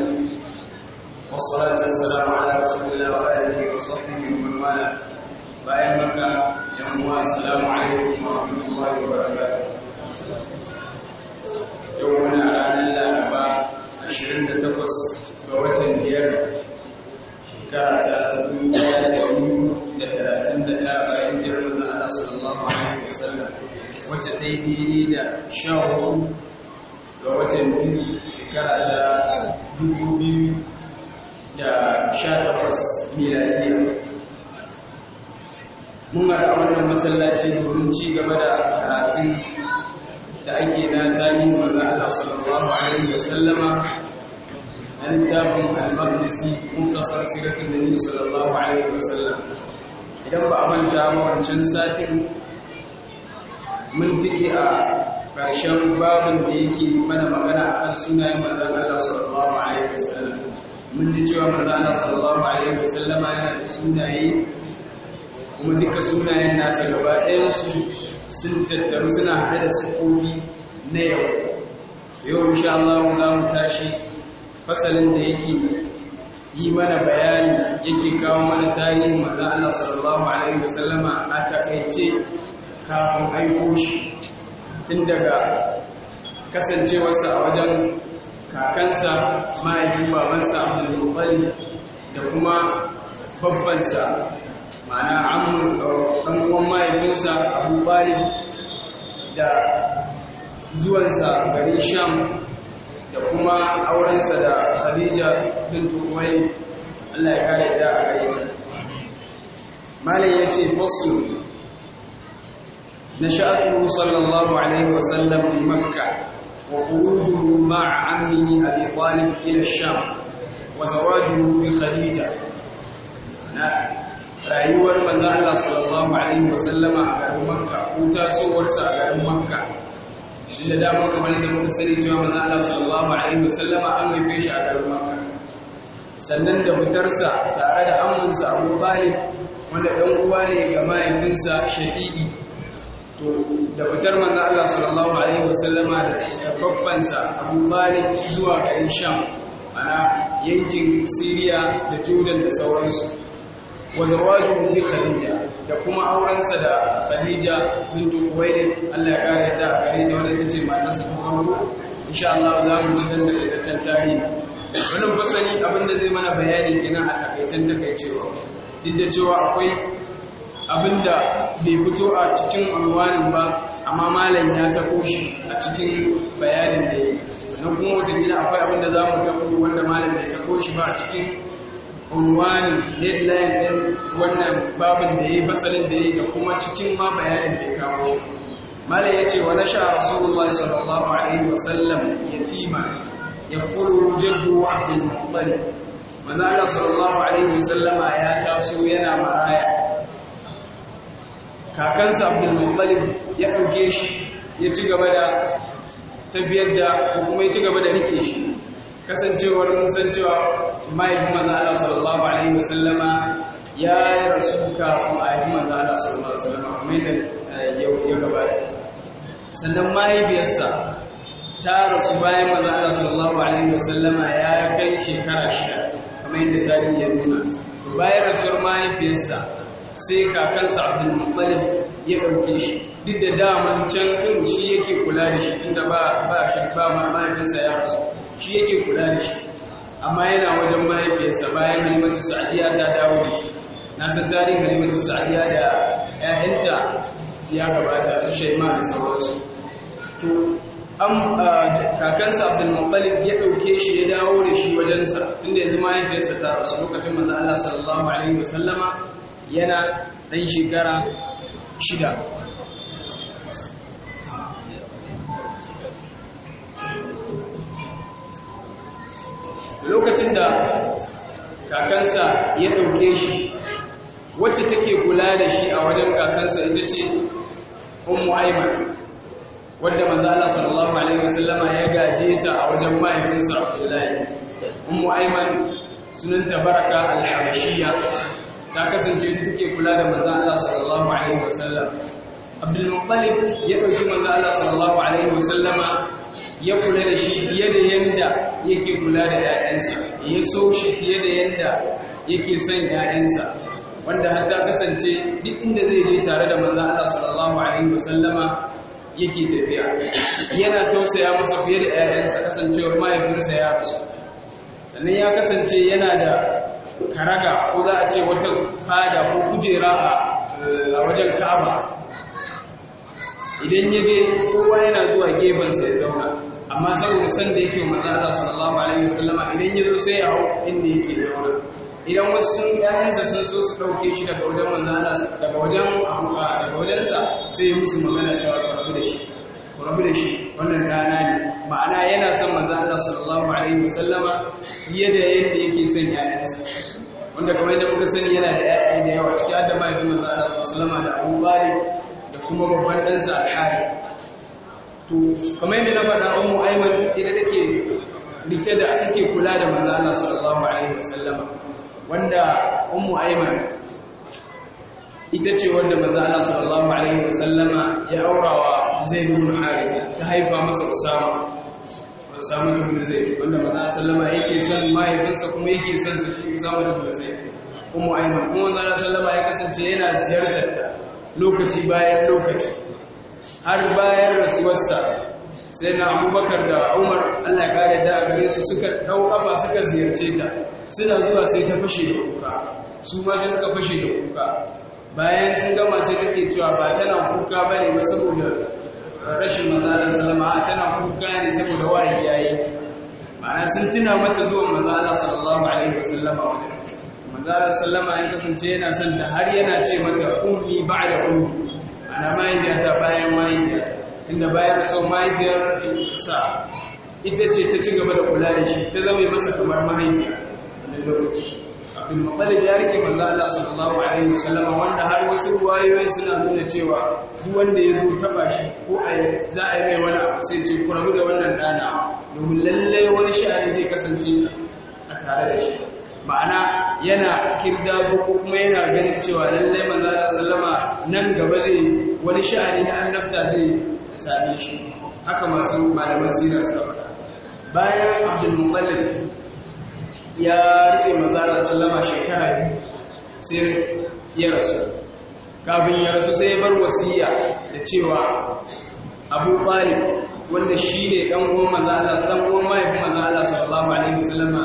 العالمين والصلاة والسلام على رسول الله وآله وصحبه ومن والاه bayan maka yan uwa assalamu alaikum wa rahmatullahi na barakatuh yau muna ranar laraba 28 ga watan biyar shekara ta dubu da biyu da talatin da ta bayan jirgin Allah sallallahu alaihi wasallam ta yi daidai da sha ga watan yuni shekara da dubu biyu da sha takwas miladiya mun haɗa wannan masallaci domin ci gaba da karatun da ake na tarihin manzon a sallallahu alaihi sallama. an littafin al-maqdisi muktasar siratin nabi sallallahu alaihi sallam. idan ba a manta mawancin satin mun tike a ƙarshen babin da yake mana magana a kan sunayen manzan Allah sallallahu alaihi wasallam mun ji cewa manzan Allah sallallahu alaihi wasallama yana da sunaye kuma duka sunayen nasa gaba ɗayan su sun tattaru suna haɗe da sukofi na yau yau insha Allah za mu tashi fasalin da yake yi mana bayani yake kawo mana tarihin manzan Allah sallallahu alaihi wasallama a takaice kafin aiko shi tun daga kasancewarsa a wajen kakansa mahaifin babansa abdulmuttalib da kuma babbansa ma'ana amurkan mahaifinsa abu balib da zuwansa garin sham da kuma aurensa da khadija bintu tukwai Allah ya kare da a gari malam yace fasl نشأته صلى الله عليه وسلم بمكة وخروجه مع عمه أبي طالب إلى الشام وزواجه بخديجة rayuwar manzo Allah sallallahu alaihi wasallam a garin Makka ko tasowarsa a garin Makka shi da dama kamar da muka sani cewa manzo Allah sallallahu alaihi wasallam an haife shi a garin Makka sannan da fitarsa tare da amminsa Abu Talib wanda dan uwa ne ga mahaifinsa shadidi da fitar manzan Allah sallallahu alaihi wasallama da babbansa Abu zuwa garin Sham ana yankin Siriya da judan da sauransu wa zawajuhu Khadija da kuma aurensa da Khadija bintu Khuwaylid Allah ya kare ta gare da wanda ce matarsa ta aure insha Allah za mu yi da can tarihi wannan fasali abinda zai mana bayani kenan a takaicen takaicewa duk da cewa akwai abinda bai fito a cikin alwanin ba amma malam ya tako shi a cikin bayanin da ya sannan kuma wata gina akwai abinda za mu tako wanda malam ya tako shi ba a cikin unwanin headline ɗin wannan babin da ya yi fasalin da ya yi da kuma cikin ma bayanin da ya kawo shi malam ya ce wa na sha rasulullahi sallallahu alaihi wasallam yatima ya furu jaddu wa abdul manzo Allah sallallahu alaihi wasallama ya taso yana maraya kakansa abdulmuttalib ya ɗauke shi ya ci gaba da tafiyar da hukumai kuma ya ci gaba da rike shi kasancewar mun san cewa mahaifin manzo Allah sallallahu alaihi sallama ya yi rasu kafin a yi manzo Allah sallallahu alaihi wasallama kuma yadda eh, ya da sannan mahaifiyarsa ta rasu bayan manzo Allah sallallahu alaihi sallama ya kai shekara shida kamar yadda tarihi ya nuna bayan rasuwar mahaifiyarsa sai kakansa abdul muttalib ya ɗauke shi duk da daman can ɗin shi yake kula da shi tunda ba ba shi ba mahaifinsa ya rasu shi yake kula da shi amma yana wajen mahaifiyarsa bayan halimatu sa'adiya ta dawo da shi na san tarihin halimatu sa'adiya da 'ya'yanta ya gabata su shaima da sauransu to an kakansa abdul muttalib ya ɗauke shi ya dawo da shi wajensa tunda yanzu mahaifiyarsa ta rasu lokacin manzo Allah sallallahu alaihi wasallama yana ɗan shekara shida lokacin da kakansa ya ɗauke shi wacce take kula da shi a wajen kakansa ita ce ummu aiman wadda manzala sallallahu alaihi wasallama ya gaje ta a wajen mahaifinsa abdullahi ummu aima sunanta baraka al-habashiyya ta kasance shi take kula da manzo Allah sallallahu alaihi wasallam Abdul Muttalib ya dauki manzo Allah sallallahu alaihi wasallama ya kula da shi fiye da yanda yake kula da ƴaƴansa ya so shi fiye da yanda yake son ƴaƴansa wanda har ta kasance duk inda zai je tare da manzo Allah sallallahu alaihi wasallama yake tafiya yana tausaya masa fiye da 'ya'yansa kasancewar mahaifinsa ya rasu sannan ya kasance yana da karaga ko za a ce wata fada ko kujera a wajen ka'aba idan ya je kowa yana zuwa gefensa ya zauna amma saboda san da yake manzo Allah sallallahu alaihi wasallama idan ya zo sai ya hau inda yake zauna idan wasu sun ƴaƴansa sun so su ɗauke shi daga wajen manzo Allah daga wajen daga wajensa sai ya musu magana cewa ku rabu da shi ku rabu da shi wannan dana ne ma'ana yana son manzo Allah sallallahu alaihi wasallama fiye da yadda yake son ƴaƴansa wanda kamar yadda muka sani yana da 'ya'ya da yawa ciki har da mahaifin manzo Allah sallama da Abu Bakar da kuma babban ɗansa a hari to kamar yadda na faɗa Ummu Aiman ita take rike da take kula da maza manzo Allah sallallahu alaihi sallama. wanda Ummu Aiman ita ce wanda maza manzo Allah sallallahu alaihi sallama ya aurawa zai bin Harith ta haifa masa Usama samun samu da bin zai wanda maza sallama yake son mahaifinsa kuma yake son sa samun samu da bin zai kuma aiman kuma maza sallama ya kasance yana ziyartar ta lokaci bayan lokaci har bayan rasuwarsa sai na abubakar da umar allah ya kare da gare su suka dau kafa suka ziyarce ta suna zuwa sai ta fashe da kuka su ma sai suka fashe da kuka bayan sun gama sai take cewa ba tana kuka ba ne ba saboda rashin maza da tana kuka ne saboda wani yayi ma'ana sun tuna mata zuwa maza da sallallahu alaihi wasallama maza da sallama ya kasance yana son ta har yana ce mata ummi ba da ummi ana ta bayan mahaifiyata inda bayan so mahaifiyar sa ita ce ta ci gaba da kula da shi ta zama masa kamar mahaifiya da lokaci bilmaɓalin ya rike manzo Allah sallallahu alaihi wasallam wanda har wasu ruwayoyi suna nuna cewa duk wanda ya zo taba shi ko a za a yi mai wani abu sai ce ku rabu da wannan dana domin lallai wani sha'ani zai kasance a tare da shi ma'ana yana kirda ko kuma yana ganin cewa lallai manzo Allah sallama nan gaba zai wani sha'ani na annabta zai same shi haka masu malaman sirri suka faɗa bayan Abdul Muttalib ya rike da sallama shekara biyu sai ya rasu kafin ya rasu sai ya bar wasiya da cewa abu bali wanda shi ne ɗan uwan mazala ɗan uwan mahaifin Allah ba alaihi wasallama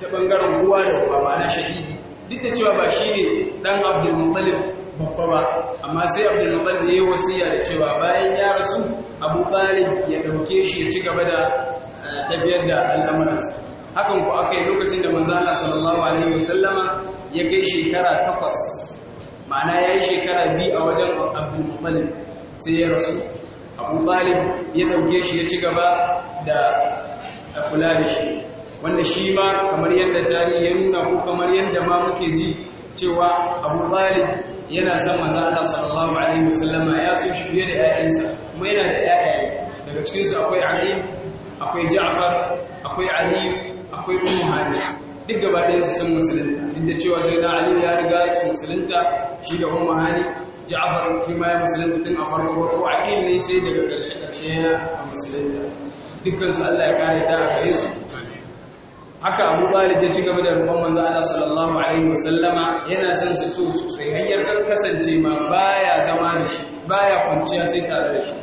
ta ɓangaren uwa da uba ba na shahidi duk da cewa ba shi ne ɗan abdulmuttalib babba ba amma sai abdulmuttalib ya yi wasiya da cewa bayan ya rasu abu bali ya ɗauke shi ya ci gaba da eh, tafiyar da al'amuransa hakan ku aka yi lokacin da manzo Allah sallallahu alaihi wasallama ya kai shekara takwas ma'ana ya yi shekara biyu a wajen abu Muttalib sai ya rasu Abu Talib ya ɗauke shi ya ci gaba da kula da shi wanda shi ma kamar yadda tarihi ya nuna ko kamar yadda ma muke ji cewa Abu Talib yana son manzo Allah sallallahu alaihi wasallama ya so shi fiye da ƴaƴansa kuma yana da ƴaƴaye daga cikinsu akwai Ali akwai Ja'far akwai Ali akwai umu hari duk gaba ɗaya su san musulunta inda cewa sai na ali ya riga su musulunta shi da umu hali ja'far fi ma ya musulunta tun a farko a aqil ne sai daga ƙarshe ƙarshe ya musulunta dukkan su Allah ya kare da gare su haka Abu Talib ya ci gaba da roƙon manzo Allah sallallahu alaihi wasallama yana son su so sosai hanyar kasance ma baya zama da shi baya kwanciya sai tare da shi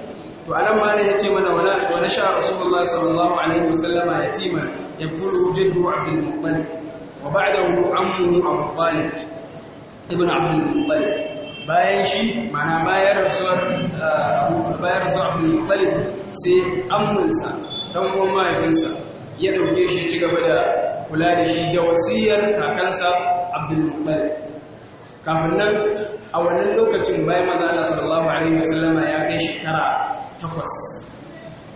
to anan ma ne yace mana wala wala sha Rasulullahi sallallahu alaihi wasallama yatiman يقول جده عبد المطلب وبعده عمه أبو طالب ابن عبد المطلب bayan shi mana bayan rasuwar bayan rasuwar abdul muttalib sai amminsa dan uwan mahaifinsa ya dauke shi ci gaba da kula da shi da wasiyar kakansa abdul kafin nan a wannan lokacin bayan manzo Allah sallallahu alaihi wasallama ya kai shekara takwas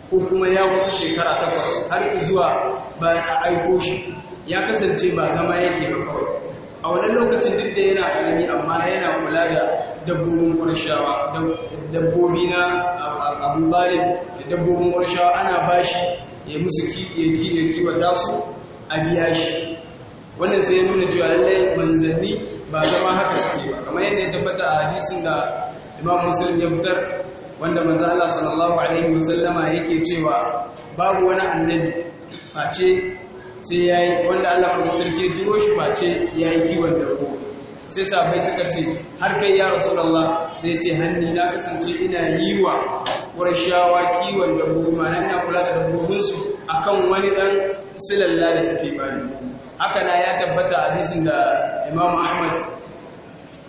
ko kuma ya wasu shekara takwas har zuwa bayan a aiko shi ya kasance ba zama yake ba kawai a wani lokacin duk da yana alami amma yana kula da dabbobin ƙwarshawa dabbobi na abu balin da dabbobin ƙwarshawa ana ba shi ya musu kiwata su a biya shi wannan sai ya nuna cewa lallai manzanni ba zama haka suke ba kamar yadda ya tabbata a hadisin da imam muslim ya fitar wanda manzo Allah sallallahu alaihi wasallama yake cewa babu wani annabi face sai yayi wanda Allah kuma sarki jiro shi face yayi kiwon dabbobi sai sahabbai suka ce har kai ya rasulullah sai ce hanni na kasance ina yi wa ƙurashawa kiwon dabbobi ma ina kula da dabbobinsu akan wani dan silalla da suke bani haka na ya tabbata hadisin da Imam Ahmad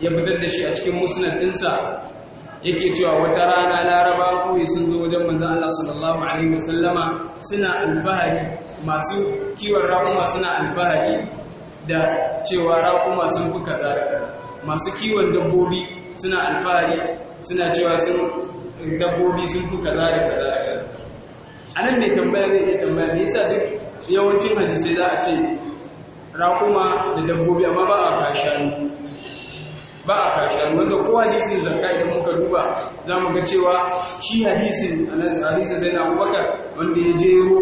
ya fitar da shi a cikin musnad ɗinsa yake cewa wata rana laraba kuwa sun zo wajen manzo Allah sallallahu alaihi wasallama suna alfahari masu kiwon raƙuma suna alfahari da cewa raƙuma sun fi kaza masu kiwon dabbobi suna alfahari suna cewa sun dabbobi sun fi kaza da kaza da a nan mai tambaya zai iya tambaya me yasa duk yawancin hadisai za a ce raƙuma da dabbobi amma ba a kawo shanu ba a kashi wanda ko hadisin zakka idan muka duba za mu ga cewa shi hadisin hadisin zai na abubakar wanda ya jero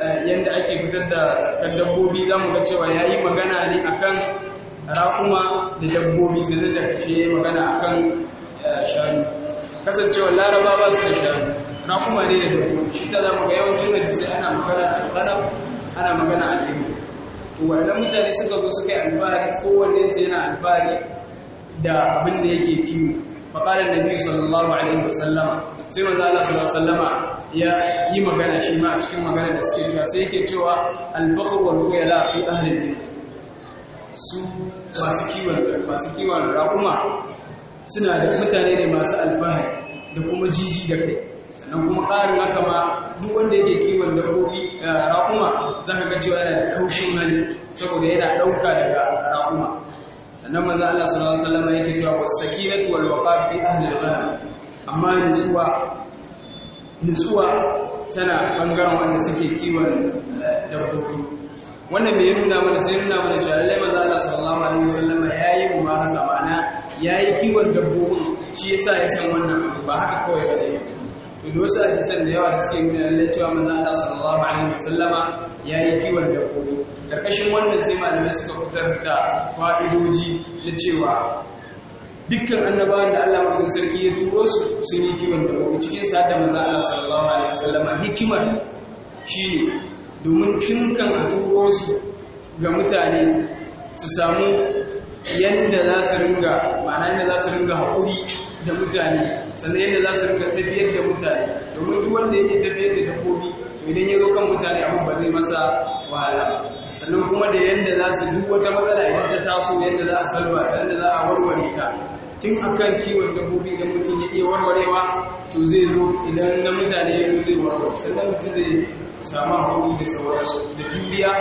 eh, yadda ake fitar da zakar dabbobi za mu ga cewa ya yi magana ne akan raƙuma da dabbobi zai da kashe ya yi magana akan eh, shanu kasancewa laraba ba su da shanu raƙuma ne da dabbobi shi ta za mu ga yawancin sai ana magana alƙalam ana magana al'imu to waɗannan mutane suka zo suka yi albari kowanne su yana albari da abin da yake kiwo faƙalar da biyu sallallahu alaihi wasallama sai manzo Allah sallallahu sallama ya yi magana shi ma a cikin magana da suke cewa sai yake cewa al-fakhr ya khuyala fi su masu kiwon masu kiwon raƙuma suna da mutane da masu alfahari da kuma jiji da kai sannan kuma ƙarin haka ma duk wanda yake kiwon dabbobi eh, raƙuma za ka ga cewa yana da kaushin hali saboda yana ɗauka daga raƙuma sannan manzo Allah sallallahu alaihi wasallam yake cewa was-sakinatu wal waqar fi ahli al-ghanam amma nutsuwa nutsuwa tana bangaren wanda suke kiwon eh, dabbobi wannan me ya nuna mana sai nuna mana cewa lallai manzo Allah sallallahu alaihi wasallam yayi mumarasa ma'ana yayi kiwon dabbobin shi yasa ya san wannan ba haka kawai ba dai to wasu hadisan da yawa da suke nuna lallai cewa manzo Allah sallallahu alaihi wasallama yayi kiwon dabbobi ƙarƙashin wannan sai malamai suka fitar da fa'idoji na cewa dukkan annabawan da Allah mai sarki ya turo su sun yi kiwon da kuma cikin sa da manzo Allah sallallahu alaihi wasallam hikimar shine domin kinkan a turo su ga mutane su samu yanda za su ringa ma'ana yanda za su ringa haƙuri da mutane sannan yanda za su ringa tafiyar da mutane domin duk wanda yake tafiyar da dabbobi idan ya zo kan mutane abin ba zai masa wahala sannan kuma da yadda za su duk wata matsala idan ta taso yadda za a salwa ta yadda za a warware ta tun akan kiwon dabbobi da mutum ya iya warwarewa to zai zo idan na mutane ya zai warware sannan mutum zai samu hauri da sauransu da juriya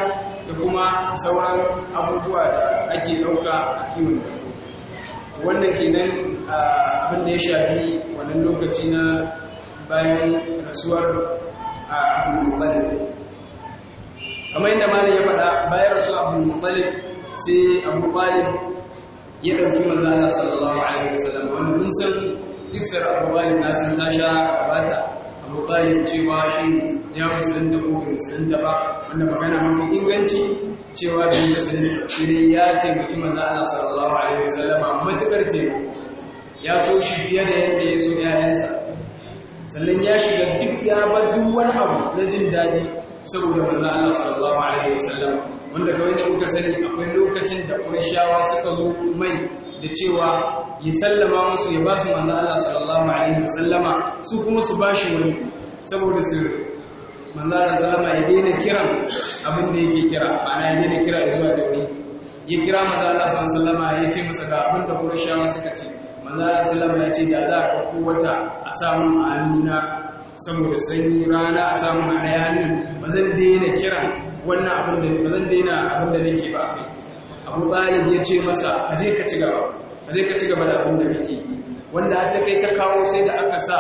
da kuma sauran abubuwa da ake ɗauka a kiwon dabbobi wannan kenan abin da ya shafi wannan lokaci na bayan rasuwar a kamar yadda malam ya faɗa bayan rasul abu mutalib sai abu talib ya ɗauki manzo Allah sallallahu alaihi wasallam wanda mun san kissar abu talib na sun tasha gabata abu talib cewa shi ya musulunta ko bai musulunta ba wanda magana mafi inganci cewa bai musulunta shi ne ya taimaki manzo Allah sallallahu alaihi wasallam matukar taimako ya so shi fiye da yadda ya so 'ya'yansa sannan ya shiga duk ya bar duk wani abu na jin daɗi saboda manzo Allah sallallahu alaihi wasallam wanda kawai shi kuka sani akwai lokacin da shawa suka zo mai da cewa ya sallama musu ya ba su manzo Allah sallallahu alaihi wasallama su kuma su bashi wani saboda su manzo Allah sallama ya daina kiran abin da yake kira ana ya daina kira zuwa da wani ya kira manzo Allah sallallahu alaihi wasallama ya ce masa ga abin da Qurayshawa suka ce manzo Allah sallallahu alaihi wasallama ya ce da za ka kowata a samu a saboda sanyi rana a samu hayanin ba zan daina kira wannan abin da ba zan daina abin da nake ba akai abu talib ya ce masa ka je ka ci gaba ka je ka ci gaba da abin da kake yi wanda har ta kai ta kawo sai da aka sa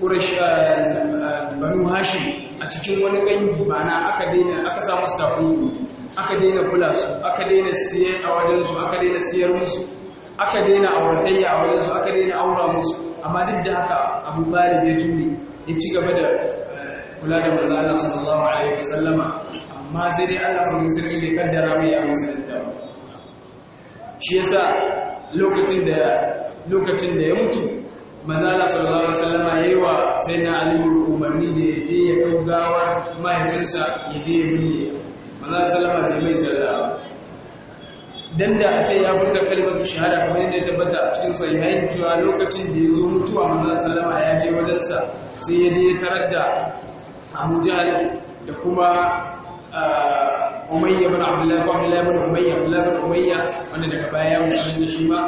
ƙurash eh, banu hashim a cikin wani gangi mana aka daina aka sa musu takunkumi aka daina kula su aka daina siyar a wajen su aka daina siyar musu aka daina auratayya a wajen su aka daina aura musu amma duk da haka abu bari ya tuni ya ci gaba da eh, kula da mulana sallallahu alaihi sallama amma sai dai Allah farkin sirri da kaddara mai ya musulunta shi yasa lokacin da lokacin da ya mutu manzo sallallahu alaihi wasallama yayi wa sayyidina Ali umarni da ya je ya kaugawar mahaifinsa ya je ya binne manzo sallallahu alaihi wasallama bai mai sallah dan da a ce ya furta kalmatu shahada kamar yadda ya tabbata a cikin sahihain cewa lokacin da ya zo mutuwa manzon sallama ya je wajensa sai ya je tarar da Abu Jahl da kuma Umayya bin Abdullah ko Abdullah bin Umayya Abdullah bin Umayya wanda daga baya ya da shi ma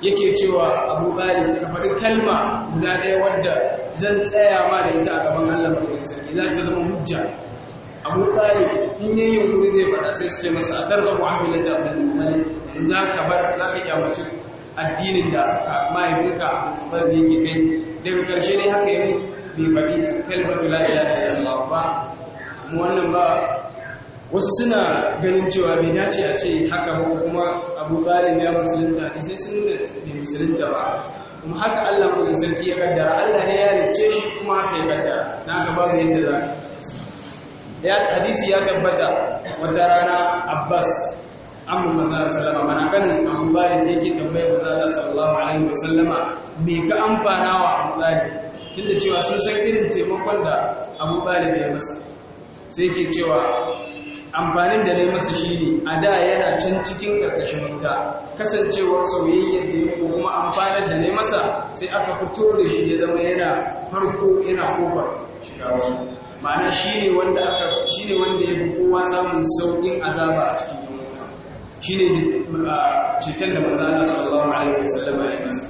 yake cewa Abu Bakar ka faɗi kalma guda ɗaya wadda zan tsaya ma da ita a gaban Allah ko sai za ta zama hujja abu tsari in yi kuri zai faɗa sai su ce masa a tarba mu'amilin da abin mutane za ka bar za ka kyamaci addinin da mahaifinka zan da ke kai daga ƙarshe ne haka yi bai faɗi kalmatu lafiya da yamma ba mu wannan ba wasu suna ganin cewa bai dace a ce haka ba kuma abu tsarin ya musulunta sai sun da bai musulunta ba kuma haka Allah kudin sarki ya kaddara Allah ne ya rice shi kuma haka ya kaddara na haka babu yadda za ya hadisi ya tabbata wata rana Abbas amma manzo sallama mana kanin Abu Bakar yake da manzo sallallahu alaihi wasallama me ka amfana wa Abu Bakar tunda cewa sun san irin taimakon da Abu da ya masa sai ke cewa amfanin da nayi masa shine a da yana can cikin karkashin wuta kasancewar soyayyar da yake kuma amfanar da nayi masa sai aka fito da shi ya zama yana farko yana kofar shiga ma'ana shi wanda aka wanda ya kowa samun saukin azaba a cikin yawanta da cikin da su Allah sallallahu alaihi wasallam ya yi masa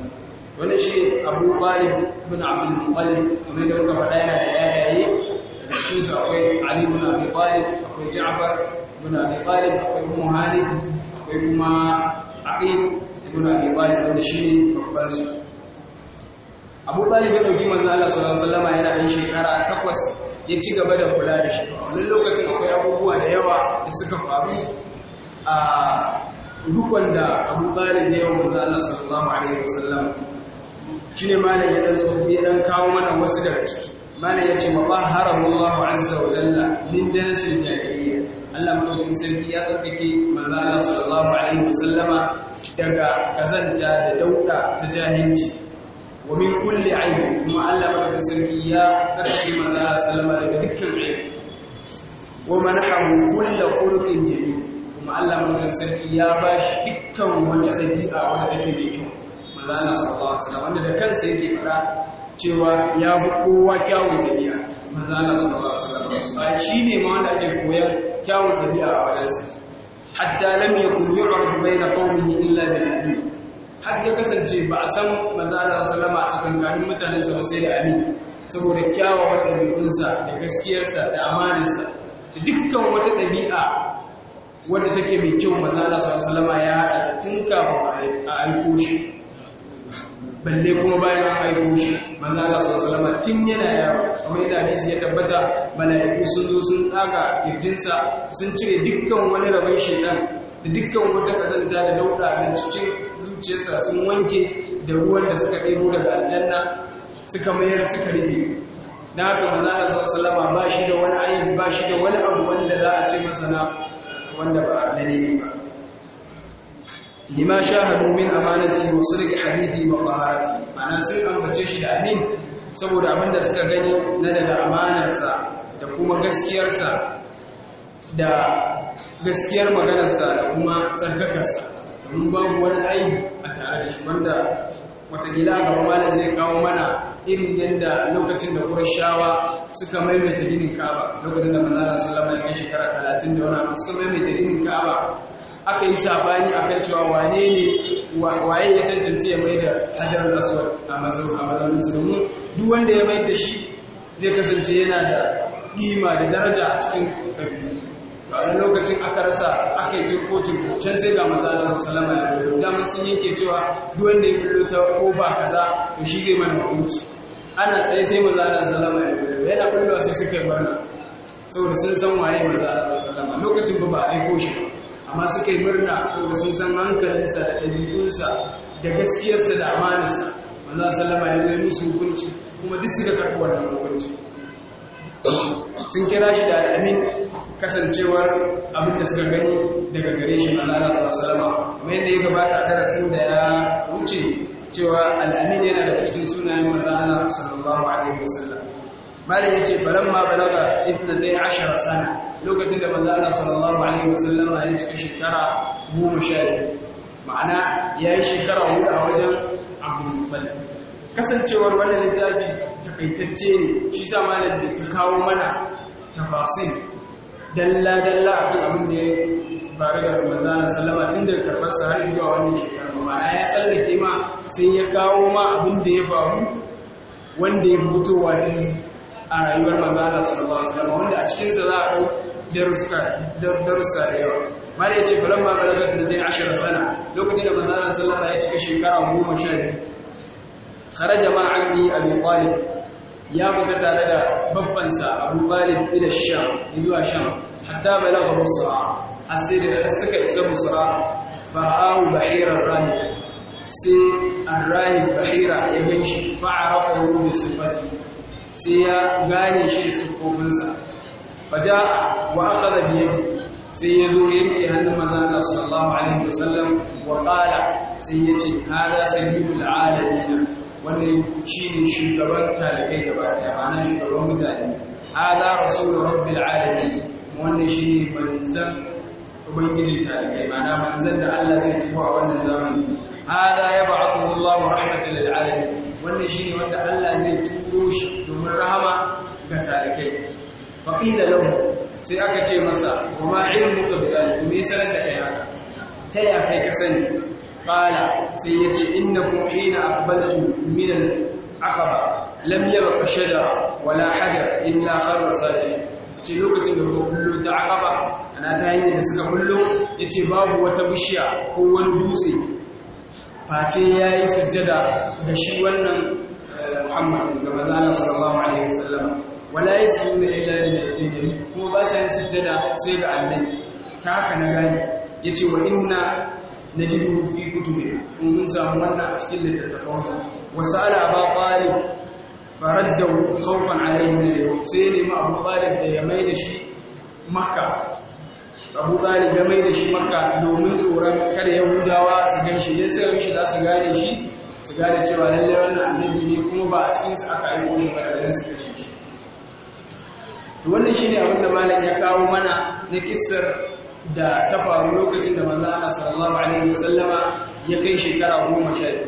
Wani shi Abu Talib bin abin Muttalib kuma da muka faɗa yana da yayaye da cikin su akwai Ali ibn Abi Talib akwai Ja'far ibn Abi Talib akwai Ummu akwai kuma Aqil ibn Abi Talib wanda ne babban su Abu Talib ya dauki manzo su sallallahu alaihi ya yana ɗan shekara takwas. ya ci gaba da kula da shi wani lokacin akwai abubuwa da yawa da suka faru a rukun da abu da yawan da Allah sallallahu alaihi wasallam ne malam ya ɗan tsofi ɗan kawo mana wasu daga ciki malam ya ce mabahharallahu azza wa jalla min dansil jahiliya Allah madaukakin sarki ya tsarkake manzo Allah sallallahu alaihi wasallama daga kazanta da dauda ta jahilci wa min kulli aib kuma Allah madaukakin sarki ya tsarki manzara sallama daga dukkan aib wa manahu kullu khuluqin jamil kuma Allah madaukakin sarki ya bashi dukkan wata dabi'a wanda take mai wanda da cewa ya fi kowa kyawun dabi'a manzara sallallahu alaihi wasallam ba ne ma wanda ake koyar kyawun dabi'a a wajensa hatta lam yakun yu'raf bayna qaumihi illa bil adl har ya kasance ba a san da salama a tsakankanin mutanensa ba sai da ami saboda kyawawan ɗabi'unsa da gaskiyarsa da amaninsa da dukkan wata ɗabi'a wadda take mai kyau da salama ya haɗa da tun kafin a alkoshi balle kuma bayan an aiko shi manzo salama tun yana yaro kamar yadda hadisi ya tabbata mala'iku sun zo sun tsaga kirjinsa sun cire dukkan wani rabon shedan da dukkan wata kazanta da dauɗa da cikin zuciyarsa sun wanke da ruwan da suka ɗebo daga aljanna suka mayar suka rike na haka manzana sallallahu ba shi da wani ayin ba shi da wani abu wanda za a ce masana wanda ba a dare ne ba lima shahadu min amanati wa sulhi hadithi wa qaharati ma'ana sun ambace shi da amin saboda abin da suka gani na daga amanarsa da kuma gaskiyarsa da gaskiyar maganarsa da kuma tsarkakarsa domin babu wani aibi a tare da shi wanda watakila gaba malam zai kawo mana irin yadda lokacin da shawa suka maimaita ginin kaba lokacin da manzala sallama yankin shekara talatin da wani abu suka maimaita ginin kaba aka yi sabani kan cewa wane ne waye ya cancanci ya mai da hajjar aswad a mazaunin a mazaunin domin duk wanda ya mai da shi zai kasance yana da kima da daraja a cikin kabilu wani lokacin aka rasa aka yi kocin can sai ga maza da musulama da damar sun yanke cewa duwanda ya fito ta ka kaza to shi zai mana hukunci ana tsaye sai maza da musulama ya yana kullum sai suka yi murna saboda sun san waye maza da musulama lokacin ba ba a aiko shi amma suka yi murna saboda sun san hankalinsa da ɗabi'unsa da gaskiyarsa da amanarsa maza da salama ya yi musu hukunci kuma duk suka karɓi wannan hukunci sun kira shi da amin kasancewar abin da suka gani daga gare shi a lalata masu lama kuma yadda ya gabata a darasin da ya wuce cewa al'amin yana da cikin sunayen manzana sallallahu alaihi wasallam malam yace ta balaga ashara sana lokacin da manzana sallallahu alaihi wasallam ya cika shekara goma 12 ma'ana ya yi shekara hudu a wajen Abu bal kasancewar wani littafi takaitacce ne shi sa malam da ta kawo mana tafasin dalla-dalla a kan abin da ya faru da a salama tun da karfarsa har zuwa wannan shekaru ma'ana ya tsallake ma sai ya kawo ma abin da ya faru wanda ya wa ne a rayuwar manzana sallama sallama wanda a cikinsa za a ɗau darussa da yawa mara ya ce bala ma bala da zai ashirar sana lokacin da manzana salama ya cika shekara goma sha biyu kharaja ma'an ni abin ya fita tare da babbansa abu balib ila sham zuwa sham hatta ga basra a sai da suka isa basra fa'ahu bahira rani sai arrahib bahira ya ganshi fa'arafa da sifati sai ya gane shi da sifofinsa faja wa aka da yadi sai ya zo ya rike hannun mazana sallallahu alaihi wasallam wa qala sai ya ce hada sayyidul alamin wani shi ne shugaban talibai ba daya ma'ana shugaban mutane A hada rasulun rabbil al'adari. wannan shi ne manzan ubangijin talibai ma'ana manzan da Allah zai tafi a wannan zamani hada ya ba a ba'athu Allah rahmatan lil al'adari. wannan shi ne wanda Allah zai turo shi domin rahama ga talibai faqila lahu sai aka ce masa kuma ilmu ka bi me sanar da kai haka ta ya kai ka sani qala sai yace innahu hina aqbaltu min al-aqaba lam yabqa shajara wala hajar illa kharra sajid ce lokacin da kullu ta aqaba ana ta hanyar da suka Ya yace babu wata bishiya ko wani dutse face yayi sujjada da shi wannan Muhammad ga manzo sallallahu alaihi wasallam wala yasjudu illa lillahi kuma ba sa yin sujjada sai ga annabi ta haka na gani ce wa inna na ko fi kutube in mun samu wannan a cikin littattafan wasu ala ba ƙwari da kawfan alayhi da yau sai nemi abu ɗalib da ya mai da shi maka abu ɗalib ya mai da shi maka domin tsoron kada yahudawa su gan shi ne sai shi za su gane shi su gane cewa lallai wannan annabi ne kuma ba a cikinsu aka yi shi ba da su kashe shi to wannan shine abin da malam ya kawo mana na kissar da ta faru lokacin da manzo Allah sallallahu alaihi wasallama ya kai shekara 10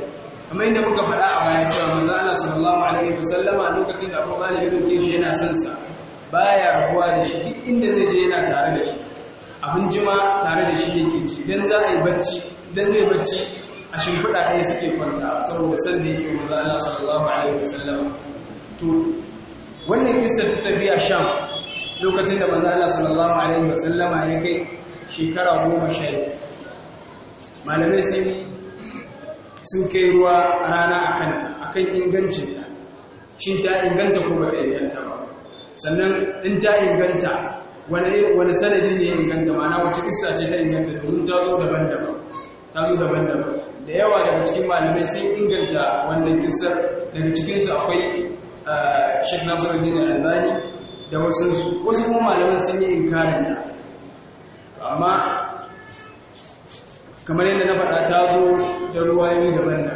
kamar inda muka faɗa a baya cewa manzo Allah sallallahu alaihi wasallama lokacin da Abu Talib bin kai yana son sa baya rabuwa da shi duk inda zai je yana tare da shi abin jima tare da shi yake ci dan za a yi bacci dan zai bacci a shimfiɗa ɗaya suke kwanta saboda san da yake manzo Allah sallallahu alaihi wasallama to wannan kissa ta tafiya sham lokacin da manzo Allah sallallahu alaihi wasallama ya kai shekara goma sha malamai sun kai ruwa rana a kanta a kan ingancinta shi ta inganta ko ba ta inganta ba sannan in ta inganta wani sanadi ne ya inganta mana wacce kissa ce ta inganta domin ta zo daban-daban ta zo daban-daban da yawa daga cikin malamai sun inganta wannan kissar daga cikinsu akwai ah, shek nasarar al-albani da wasu wasu kuma malamai sun yi inkarinta amma kamar yadda na faɗa ta zo da ruwa yi daban da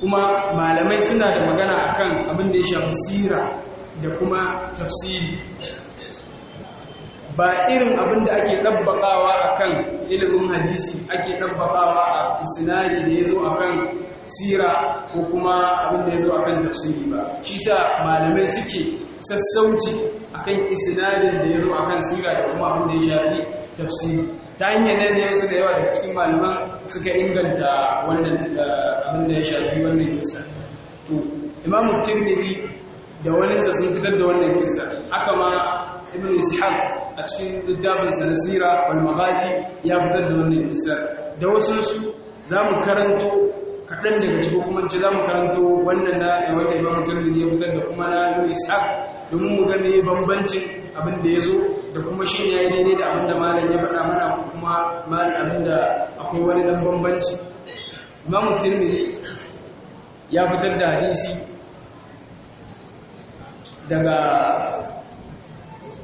kuma malamai suna da magana akan abin da ya shafi sira da kuma tafsiri ba irin abinda da ake ɗabbaƙawa akan ilimin hadisi ake ɗabbaƙawa a sinari da ya zo akan sira ko kuma abin da ya zo akan tafsiri ba shi sa malamai suke sassauci a kan isinadin da ya zo akan sira da kuma abinda ya shafi tafsiri ta hanyar nan ne su da yawa da cikin malaman suka inganta wannan eh, abin da ya shafi wannan kisa to imamu tirmidhi da waninsa sun fitar da wannan kisa haka ma ibn ishaq a cikin littafin sa nasira wal maghazi ya fitar da wannan kisa da wasu su zamu karanto kaɗan daga cikin kuma ci zamu karanto wannan na wanda imamu tirmidhi ya fitar da kuma na ibn ishaq domin mu gane bambancin abin da ya zo da kuma shi ne ya yi daidai da abinda malam ya faɗa mana kuma malam abinda akwai wani dan bambanci imamu tirmidhi ya fitar da hadisi daga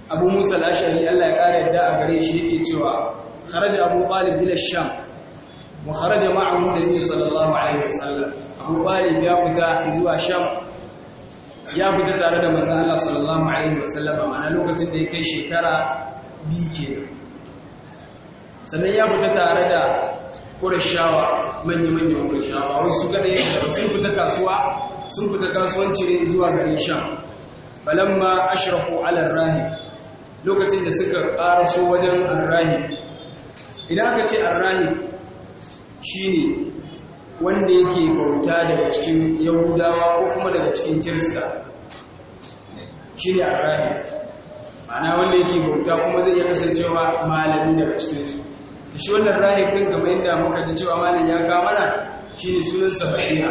abu musa al-ashari Allah ya ƙara yadda a gare shi yake cewa kharaja abu talib ila sham wa kharaja ma'ahu nabi sallallahu alaihi wasallam abu talib ya fita zuwa sham ya fita tare da manzo Allah sallallahu alaihi wasallam a lokacin da ya kai shekara biyu kenan sannan ya fita tare da shawa, manya manya Qurayshawa wai su gada yake sun fita kasuwa sun fita kasuwanci ne zuwa garin Sham falamma ashrafu alar rahi lokacin da suka karaso wajen arrahib idan aka ce shi ne. wanda yake bauta daga cikin yahudawa ko kuma daga cikin kirista shi ne arrahi ma'ana wanda yake bauta kuma zai iya kasancewa malami daga cikinsu da shi wannan rahib ɗin kamar yadda muka ji cewa malam ya kama na shi ne sunansa bahira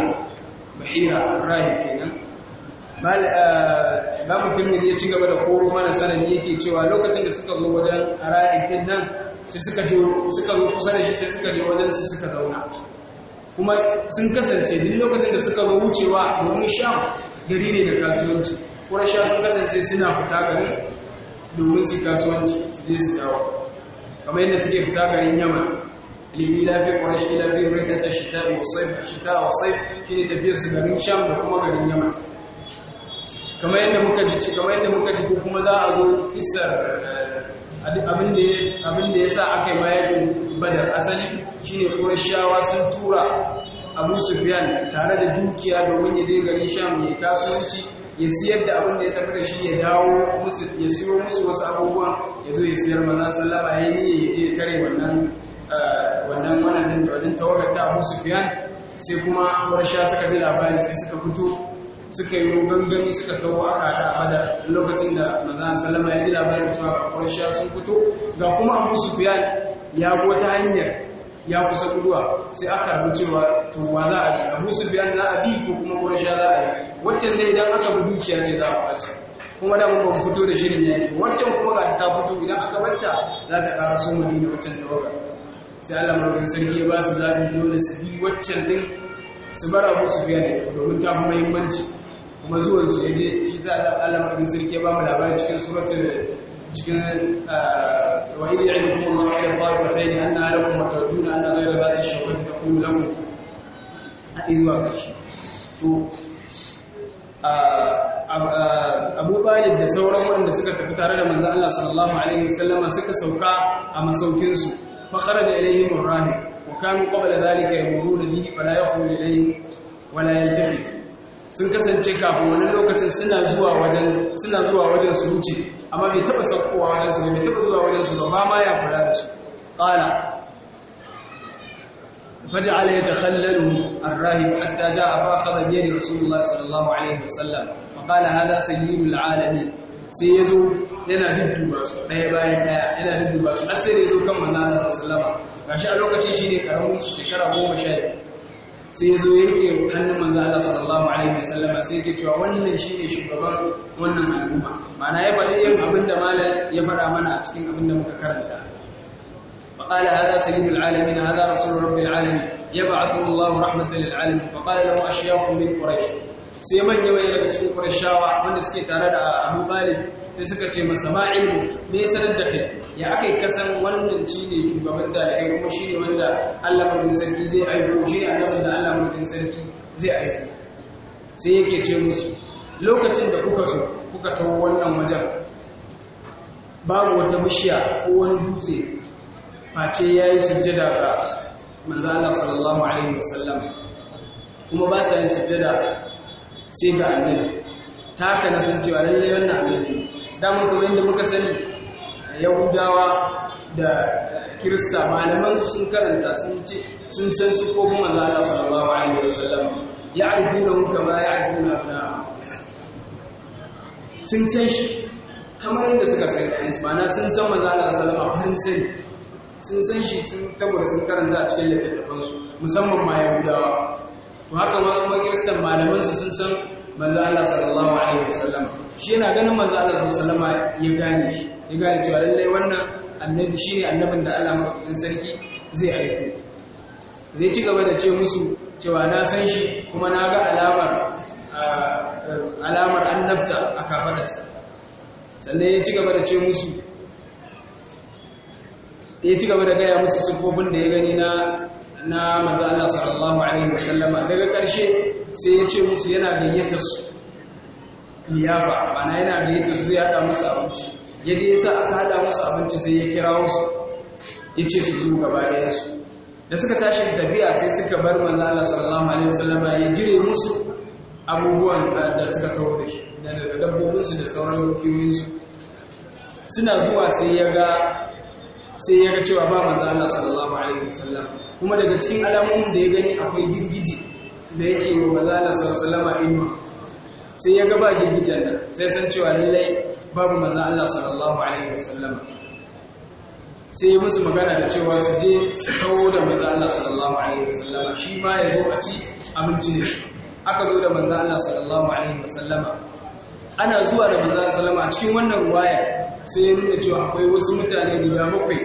bahira rahib kenan eh, ba mutum ne ya ci gaba da koro mana sanadi yake cewa lokacin da suka zo wajen a ɗin nan sai suka zo kusa da shi sai suka je wajen su suka zauna kuma sun kasance duk lokacin da suka zo wucewa domin sham gari ne da kasuwanci sha sun kasance suna fita garin domin su kasuwanci su je su dawo kamar yadda suke fita garin yaman lili lafi ƙurashi lafi mai da ta shita wasai shita wasai shi ne tafiyar su garin sham da kuma garin yaman kamar yadda muka ji kamar yadda muka ji kuma za a zo isar eh, abin da ya sa aka yi mayakin badar asali shine shawa sun tura abu sufiyan tare da dukiya domin ya je garin sha mai kasuwanci ya siyar da abin da ya tafi da shi ya dawo musu ya siyo musu wasu abubuwan ya zo ya siyar maza sallama ya yi ya je tare wannan eh, wannan wannan da wajen tawagar ta abu sai kuma sha suka ji labari sai suka fito suka yi gangami suka taho aka haɗa bada lokacin da maza salama ya ji labarin cewa sha sun fito ga kuma abu sufiyan ya go ta hanyar ya kusa guduwa sai aka rabu cewa tuwa za a bi abu sufiyan za a bi ko kuma sha za a yi waccan dai idan aka bi dukiya ce za a kwace kuma da mun fito da shirin yi waccan kuma ga ta fito idan aka barta za ta ƙara sun madina waccan waka sai Allah marubin sarki ya ba su zaɓi dole su bi waccan din su bar abu sufiyan domin ta fi muhimmanci kuma zuwan su yaje shi za a Allah madaukin sarki ya ba mu labarin cikin suratul cikin ah, wa idh ya'idukum Allahu ila ta'ifatayn anna lakum wa taduna anna ghayra dhati shawkati taqulu lakum hadin zuwa kashi to ah, ah, Abu Talib da sauran wanda suka tafi tare da manzon Allah sallallahu alaihi wasallama suka sauka a masaukin su fa kharaja ilayhim rahib wa kanu qabla dhalika yamuruna bihi fala yakhruju ilayhim wala yaltafi sun kasance kafin wani lokacin suna zuwa wajen su wuce amma bai taba saukowa wajen su bai taba zuwa wajen su ba ba ma ya kula da su qala faj'ala yatakhallalu ar-rahib hatta ja'a fa qala bi rasulullah sallallahu alaihi wasallam a qala hada sayyidul alamin sai ya zo yana dudduba su ɗaya bayan ɗaya, yana dudduba su har sai yazo kan manzon sallallahu alaihi wasallam gashi a lokacin shine karamin su shekara goma 10 sai ya zo ya rike hannun manzo Allah sallallahu alaihi wasallam sai yake cewa wannan shine shugaban wannan al'umma ma'ana ya faɗi yin abin da malam ya faɗa mana a cikin abin da muka karanta فقال هذا سيد العالمين هذا رسول رب العالمين يبعثه الله رحمة للعالمين فقال له أشياخ من قريش sai manya mai daga cikin Qurayshawa wanda suke tare da Abu Talib sai suka ce masa ma ilmu me sanar da kai ya aka yi kasan wannan ci ne shugaban ya kuma shi ne wanda Allah mulkin sarki zai aiko shi ne annabin da Allah mulkin sarki zai aiko sai yake ce musu lokacin da kuka so kuka tawo wannan wajen babu wata bishiya ko wani dutse face ya yi sujjada ga manzo Allah sallallahu alaihi wasallam kuma ba sa yin sujjada sai ga annabi ta haka na sun cewa lalle wannan abin damar kuma yadda muka sani yahudawa da kirista malaman su sun karanta sun ce sun san su ko kuma zala sallallahu alaihi wasallam ya arfi da muka ba ya arfi na ta sun san shi kamar yadda suka san da yansu mana sun san manzo Allah sallallahu alaihi wasallam sani sun san shi sun saboda sun karanta a cikin littattafansu musamman ma yahudawa to haka wasu makirsan malamansu malaman su sun san manzo Allah sallallahu alaihi wasallam shi yana ganin manzo Allah sallallahu alaihi wasallam ya gane shi ya gane cewa lallai wannan annabi shi ne annabin da Allah madaukakin sarki zai aiko zai ci gaba da ce musu cewa na san shi kuma na ga alamar alamar annabta a kafadarsa sannan ya ci gaba da ce musu ya ci gaba da gaya musu siffofin da ya gani na na manzo Allah sallallahu alaihi wasallama daga ƙarshe sai ya ce musu yana gayyatar su liyafa mana yana gayyatar su ya haɗa musu abinci ya je yasa aka haɗa musu abinci sai ya kira wasu ya ce su zuwa gaba da yasu da suka tashi tafiya sai suka bar manzo Allah sallallahu alaihi wasallam ya jire musu abubuwan da suka kawo da shi da sauran suna zuwa sai ya ga sai ya ga cewa ba manzo Allah sallallahu alaihi wasallam kuma daga cikin alamomin da ya gani akwai gidgidi. da yake wa mazala sallama inuwa sai ya gaba girgijen nan sai san cewa lallai babu maza Allah sallallahu alaihi wasallama sai ya musu magana da cewa su je su tawo da maza Allah sallallahu alaihi wasallama shi ma ya zo a ci abinci ne aka zo da maza Allah sallallahu alaihi wasallama ana zuwa da maza sallama a cikin wannan ruwaya sai ya nuna cewa akwai wasu mutane guda bakwai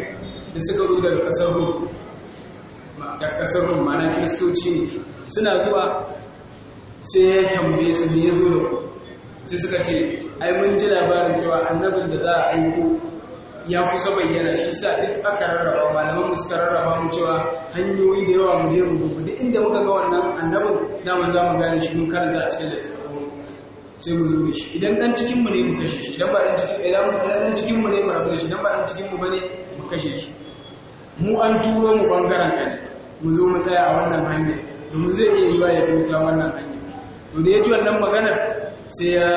da suka zo daga kasar Rum da ƙasar rum mana ne suna zuwa sai ya tambaye su ne ya zo da ku sai suka ce ai mun ji labarin cewa annabin da za a aiko ya kusa bayyana shi sa duk aka rarraba malaman mu suka rarraba mu cewa hanyoyi da yawa mu je mu dubu duk inda muka ga wannan annabin daman za mu gane shi mun karanta a cikin littattafan sai mu zo da shi idan dan cikin mu ne mu kashe shi idan ba dan cikin idan dan cikin mu ne mu rabu da shi idan ba dan cikin mu bane mu kashe shi mu an turo mu bangaren ka mu zo mu tsaya a wannan hanya domin zai iya yiwa ya bauta wannan hanya to da ya ji wannan maganar sai ya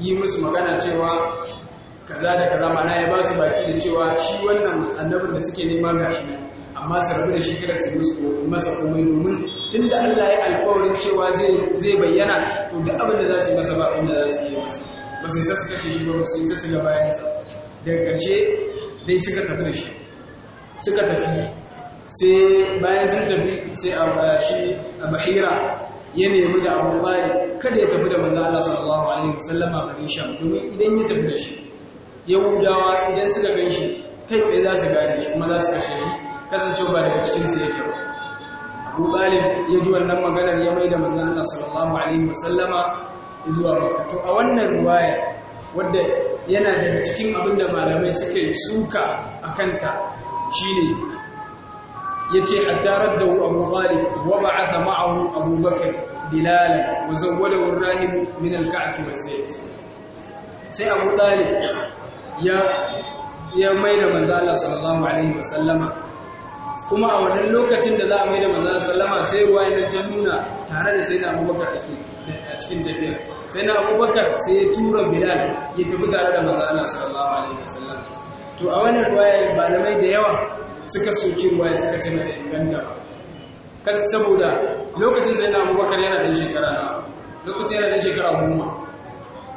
yi musu magana cewa kaza da kaza mana ya ba su baki da cewa shi wannan annabin da suke nema ga shi amma su rabu da shi kada su musu masa komai domin tun da Allah ya alkawarin cewa zai bayyana to duk abin da za su yi masa ba abin za su yi masa ba su yi sassu kashe shi ba ba su yi sassu ga daga ƙarshe dai suka tafi da shi suka tafi sai bayan sun tafi sai a bashi a bahira ya nemi da abu bari kada ya tafi da manzo Allah sallallahu alaihi wasallam a garin sham domin idan ya tafi da shi yahudawa idan suka gan shi kai tsaye za su gane shi kuma za su kashe shi kasancewa ba daga cikin su yake Abu Talib ya ji wannan maganar ya mai da manzo Allah sallallahu alaihi wasallama zuwa Makka to a wannan ruwaya wadda yana daga cikin abin da malamai suke suka a kanta shine yace attarar da hu abu ghalib wa ba'atha ma'ahu abu bakr bilala wa zawwada rahib min al-ka'f wa sayd sai abu dalib ya ya maida manzo Allah sallallahu alaihi wasallama kuma a wannan lokacin da za a maida manzo Allah sallama sai ruwa ya ta nuna tare da sayyidina Abubakar ake a cikin tafiya sayyidina Abubakar sai ya tura Bilal ya tafi tare da manzo Allah sallallahu alaihi wasallam to a wannan ruwaya malamai da yawa suka soke ruwa suka ce mata inganta ba saboda lokacin sai na abubakar yana ɗan shekara na lokacin yana ɗan shekara goma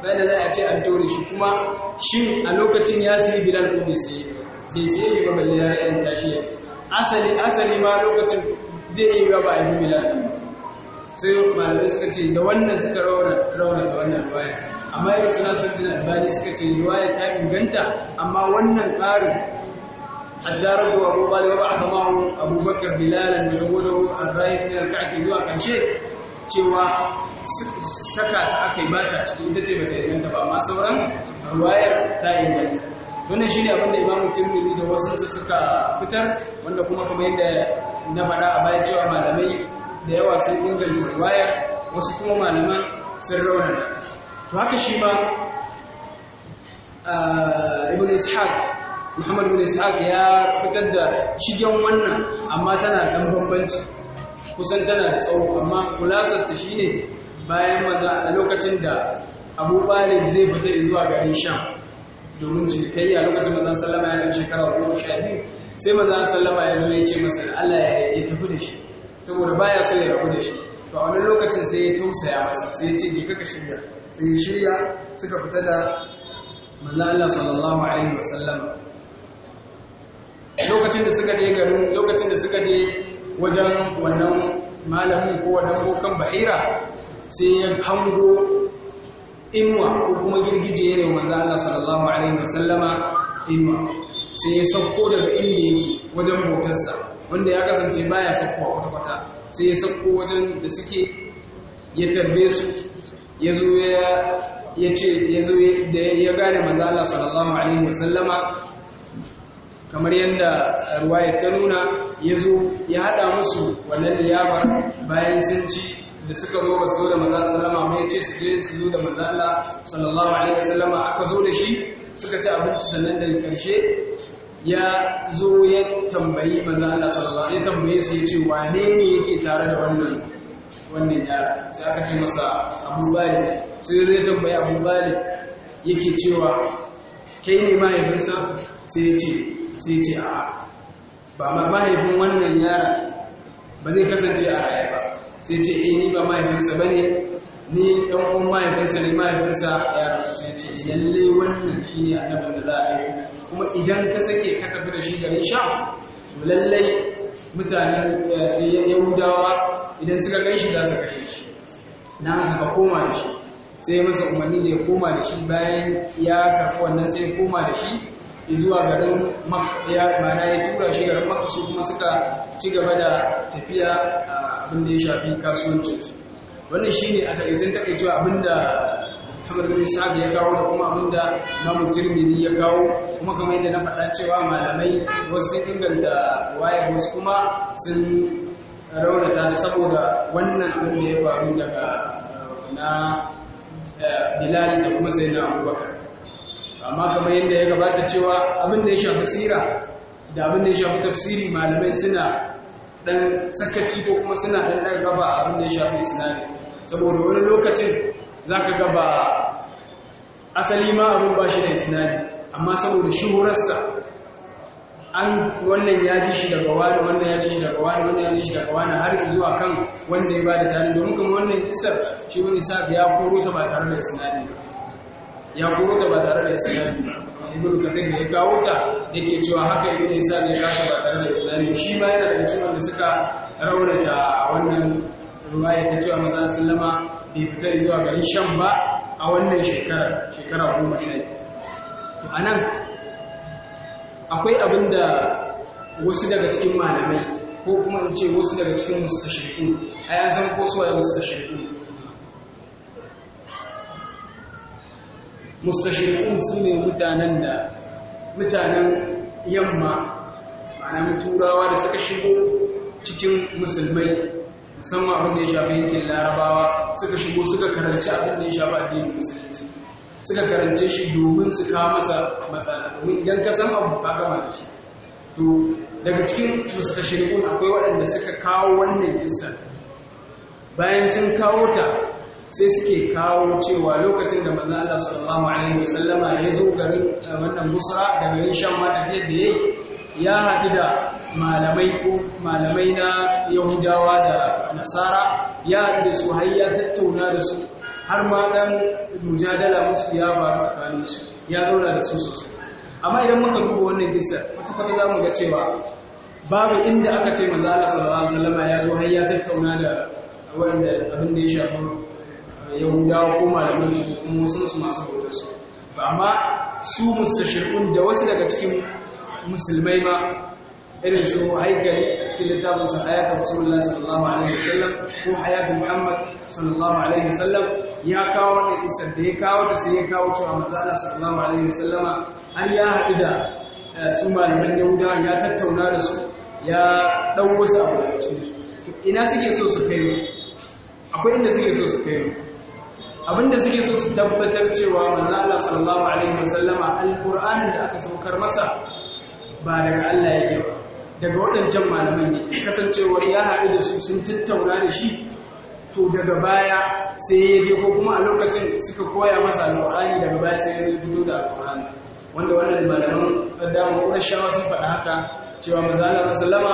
bayan da za a ce an dore shi kuma shi a lokacin ya sayi bilal ɗin bai sai zai sai shi ba balle ya yi tashi asali asali ma lokacin zai iya yiwa ba a yi bilal sai malamai suka ce da wannan suka rauna da wannan baya amma yadda suna sun bin albani suka ce riwaya ta inganta amma wannan ƙarin hatta rabu abu bali wa ba'da ma'u abubakar bilal da zuwudu arraif min al-ka'fi zuwa karshe cewa saka ta akai ba cikin ita ce bata inganta ba amma sauran ruwayar ta inganta wannan shine abin da imamu tirmidhi da wasu suka fitar wanda kuma kamar yadda na faɗa a baya cewa malamai da yawa sun inganta ruwaya wasu kuma malaman sun raunana to haka shi ma ibn ishaq Muhammad bin Ishaq ya fitar da shigen wannan amma tana dan bambanci kusan tana da tsawo amma kulasar ta shine bayan maza a lokacin da Abu zai fita zuwa garin Sham domin cinikayya lokacin manzon sallama ya yi shekara 12 sai manzon sallama ya zo ya ce masa Allah ya tafi da shi saboda baya so ya rabu da shi to a wani lokacin sai ya tausaya masa sai ya ce je kaka shirya sai ya shirya suka fita da manzon Allah sallallahu alaihi wasallam lokacin da suka je garin lokacin da suka je wajen wannan malamin ko wannan kokan ba'ira sai ya hango inuwa ko kuma girgije ne wanda Allah sallallahu alaihi wasallama inuwa sai ya sauko daga inda yake wajen motarsa wanda ya kasance baya a kwata-kwata sai ya sauko wajen da suke ya tarbe su ya zo ya ya ce ya zo ya gane manzo Allah sallallahu alaihi wasallama kamar yadda ruwaya ta nuna ya zo ya haɗa musu wannan liyafar bayan sun ci da suka zo ba su zo da manzan sallama mai ce su je su zo da manzan Allah sallallahu alaihi wasallama aka zo da shi suka ci abinci sannan da karshe ya zo ya tambayi manzan Allah sallallahu ya tambaye su ya ce wane ne yake tare da wannan wannan ya sai aka ce masa Abu Bakar sai zai tambayi Abu Bakar yake cewa kai ne mahaifinsa sai ya ce sai ce a ba ma mahaifin wannan yara ba zai kasance a raye ba sai ce eh ni ba mahaifinsa ba ne ni ɗan uwan mahaifinsa ne mahaifinsa ya rasu sai ce yalle wannan shi ne nan da za a yi kuma idan ka sake ka tafi da shi garin sham to lallai mutanen eh, yahudawa idan suka gan shi za su kashe shi na haka koma da shi sai masa umarni da ya koma da shi bayan ya karfi wannan sai ya koma da shi zuwa garin ya mana ya tura shi garin makka kuma suka ci gaba da tafiya abin da ya shafi kasuwancinsu wannan shi ne a takaicin takaicewa abin da hamar bin sabi ya kawo da kuma abin da mamu tirmidhi ya kawo kuma kamar yadda na faɗa cewa malamai wasu inganta wayar wasu kuma sun raunata saboda wannan abin da ya faru daga na eh, bilal da kuma sai na abubakar amma kamar yadda ya gabata cewa abin da ya shafi sira da abin da ya shafi tafsiri malamai suna dan sakaci ko kuma suna dan dan gaba abin da ya shafi sinari saboda wani lokacin za ka gaba asali ma abin ba shi da sinari amma saboda shuhurarsa an wannan ya ji shi daga wani wannan ya ji shi daga wani wannan ya ji shi daga wani har zuwa kan wanda ya ba da tani domin kuma wannan isar shi wani sa ya koro ta ba tare da sinari ba ya koro da ba tare da islami ibn da ya kawo ta ke cewa haka ibn isa ne ya kawo ba tare da islami shi ma yana da cewa da suka raunata a wannan ruwaya ta cewa maza sallama bai fitar zuwa garin sham ba a wannan shekara shekara goma sha to a nan akwai abin da wasu daga cikin malamai ko kuma in ce wasu daga cikin mustashriku a yanzu ko suwaye mustashriku su ne mutanen da mutanen yamma ma'ana turawa da suka shigo cikin musulmai musamman abin da ya shafi yankin larabawa suka shigo suka karanci abin da ya shafi addinin musulunci suka karance shi domin su kawo masa matsala domin idan ka san abu ka gama da shi to daga cikin mustashirin akwai waɗanda suka kawo wannan kissa bayan sun kawo ta sai suke kawo cewa lokacin da manzo Allah sallallahu alaihi wasallama ya zo garin eh, wannan musa da garin Sham ma tafiyar da yayi ya haɗu da malamai ko malamai na Yahudawa da Nasara ya haɗu da su har ya tattauna da su har ma dan mujadala musu ya faru tsakanin su ya zauna da su sosai amma idan muka duba wannan kissa wata kwata za mu ga cewa babu inda aka ce manzo Allah sallallahu alaihi wasallama ya zo har ya tattauna da wanda abin da ya shafi yahudawa ko malamin kuma wasu su masu bautar su to amma su mustashirkun da wasu daga cikin musulmai ma irin su haikali a cikin littafin sa hayatu rasulullahi sallallahu alaihi wasallam ko hayatu muhammad sallallahu alaihi wasallam ya kawo wannan isar da ya kawo ta sai ya kawo cewa manzo Allah sallallahu alaihi wasallama an ya haɗu da eh, su malaman yahudawa ya tattauna da su ya ɗau wasu abu cikin su ina suke so su kai akwai inda suke so su kai abinda suke so su tabbatar cewa manzo Allah sallallahu alaihi wasallama alqur'anin da aka saukar masa ba daga Allah yake ba daga waɗancan malaman ne kasancewar ya haɗu da su sun tattauna da shi to daga baya sai ya je ko kuma a lokacin suka koya masa alqur'ani daga baya sai ya rubuto da alqur'ani wanda wannan malaman Saddam Qurashawa sun faɗa haka cewa manzo Allah wasallama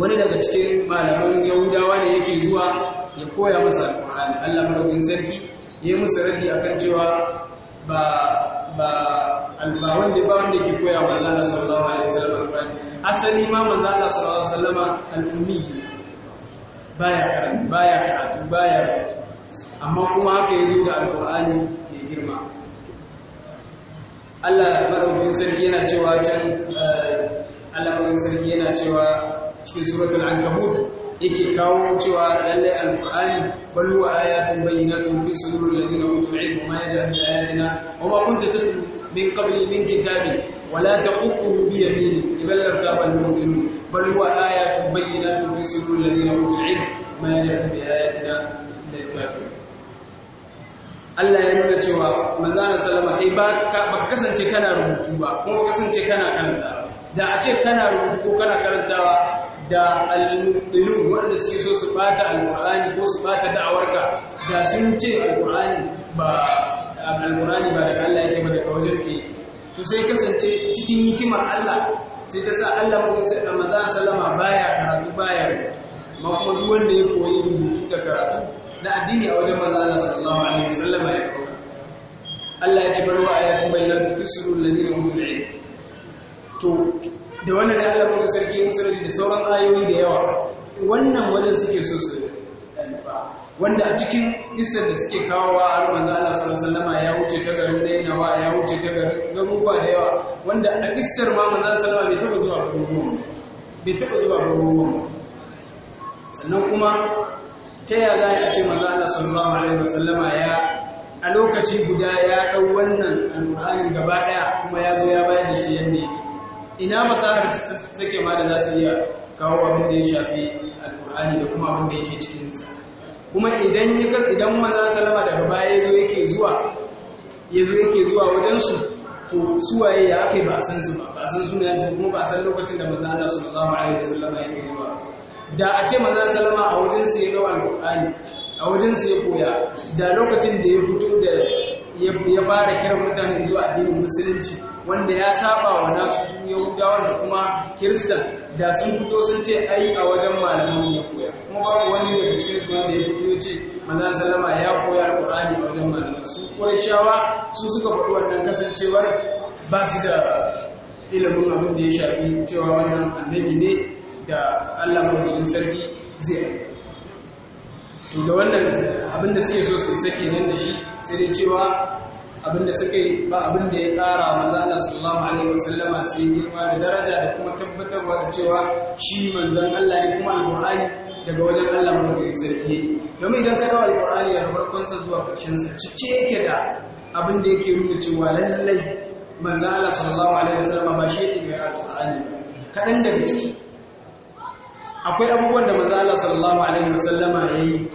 wani daga cikin malaman Yahudawa ne yake zuwa ya koya masa Allah madaukin sarki yayi musu radi akan cewa ba ba ba wanda ba wanda ke koya wa Allah sallallahu alaihi wasallam alqur'ani asali ma manzo Allah sallallahu alaihi wasallam al-ummi baya karatu baya karatu baya rubutu amma kuma haka yazo da alqur'ani ne girma Allah madaukin sarki yana cewa can eh, Allah madaukin sarki yana cewa cikin suratul ankabut yake kawo cewa lalle alqur'ani bal huwa ayatun bayyinatun fi sudur alladhina utul ilma ma yajhadu bi ayatina wa ma kunta tatlu min qabli min kitabi wa la taqutuhu bi yaminik ibal irtaba almu'minun bal huwa ayatun bayyinatun fi sudur alladhina utul ilma ma yajhadu bi ayatina illa kafirun Allah ya nuna cewa manzana salama kai ba ka kasance kana rubutu ba kuma ka kasance kana karanta da a ce kana rubutu ko kana karantawa da al-muqtilun wanda suke so su bata al-qur'ani ko su bata da'awarka da sun ce al-qur'ani ba al-qur'ani ba da Allah yake ba da wajen ke to sai kasance cikin hikimar Allah sai ta sa Allah mu sai Ramadan sallama baya karatu baya ma duk wanda ya koyi rubutu da karatu na addini a wajen manzo Allah sallallahu alaihi wasallam ya koyi Allah ya ce barwa ayatun bayyana fi sulul ladina utul ilm to da wannan da Allah mai sarki ya da sauran ayoyi da yawa wannan wajen suke so su wanda a cikin isar da suke kawo wa har manzo Allah sallallahu alaihi wasallam ya wuce ta garin wa ya wuce ta garin garuruwa da yawa wanda a isar ma manzo sallallahu alaihi wasallam bai taba zuwa garuruwa bai taba zuwa garuruwa sannan kuma ta ya za a ce manzo Allah sallallahu alaihi wasallam ya a lokaci guda ya dau wannan alqur'ani gaba daya kuma ya zo ya bayar da shi yadda yake ina masahar suke ma da za su iya kawo abin da ya shafi alkur'ani da kuma abin da yake cikinsa kuma idan ya idan manzon salama daga baya yazo yake zuwa yazo yake zuwa wajen su to suwaye ya aka ba san su ba ba san ne su kuma ba san lokacin da manzon Allah sallallahu alaihi wasallam yake zuwa da a ce manzon salama a wajen su ya ga alkur'ani a wajen su ya koya da lokacin da ya fito da ya fara kiran mutane zuwa addinin musulunci wanda ya saba wa nasu yahudawa da kuma Kirista da sun fito sun ce ai a wajen malamin ya koya kuma babu wani daga cikin su wanda ya fito ya ce manzon sallama ya koya alqur'ani a wajen malamin su qurayshawa su suka fito wannan kasancewar ba su da ilimin abin da ya shafi cewa wannan annabi ne da Allah madaukakin sarki zai to da wannan abin da suke so su sake nan da shi sai dai cewa abinda suka yi ba abinda ya ƙara manzo Allah sallallahu alaihi wasallama sai girma da daraja da kuma tabbatarwa da cewa shi manzon Allah ne kuma alqur'ani daga wajen Allah mu da sarki domin idan ka kawo alqur'ani daga farkon sa zuwa ƙarshen sa cike yake da abinda yake nuna cewa lallai manzo Allah sallallahu alaihi wasallama ba shi ne alqur'ani kaɗan daga ciki akwai abubuwan da manzo Allah sallallahu alaihi wasallama yayi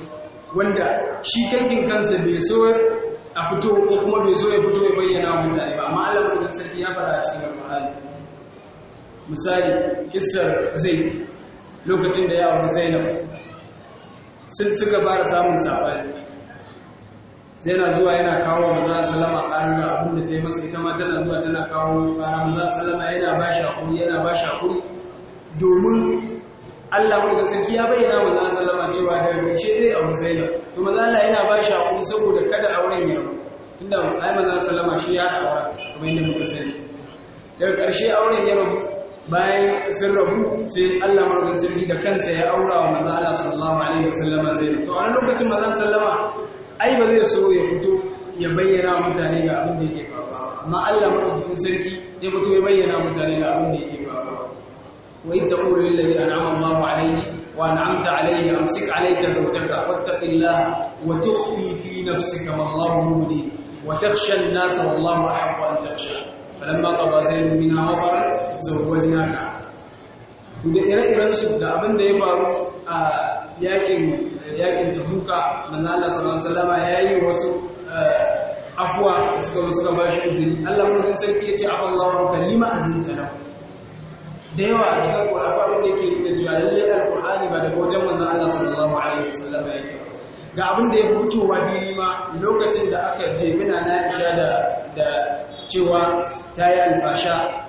wanda shi kankin kansa bai so a fito ko kuma bai so ya fito ya bayyana wa mutane ba amma Allah mutum sarki ya fara cikin alƙur'ani misali kissar zai lokacin da ya auri zainab sun suka fara samun sabani zainab zuwa yana kawo maza salama ƙarar da abin da ta yi masa ita ma tana zuwa tana kawo ƙarar maza salama yana ba shi hakuri yana ba shi hakuri domin Allah mai sarki ya bayyana wa Allah salama cewa da rikice zai abu na. to maza Allah yana ba shi hakuri saboda kada auren ya tunda ai maza salama shi ya aura kamar yadda muka sani daga ƙarshe auren ya rabu bayan sun rabu sai Allah mai sarki da kansa ya aura wa maza Allah sallallahu alaihi wasallama zaina to a lokacin maza sallama ai ba zai so ya fito ya bayyana wa mutane ga abin da yake faruwa amma Allah mai sarki ya fito ya bayyana mutane ga abin da yake faruwa وإذ تقول للذي أنعم الله عليه وأنعمت عليه أمسك عليك زوجك واتق الله وتخفي في نفسك ما الله مبديه وتخشى الناس والله أحب أن تخشى فلما قضى زيد منها وطرا زوجناها da ire-iren shi da abin da ya faru a yakin yakin tabuka manzo Allah sallallahu alaihi wasallam yayi wasu afwa suka suka bashi izini Allah mun sarki yace afallahu kallima azinta lahu da yawa a cikin alƙur'ani da ke da cewa alƙur'ani ba daga wajen manzon Allah sallallahu alaihi wasallam yake ga abin da ya fitowa fili ma lokacin da aka mina na isha da cewa ta yi alfasha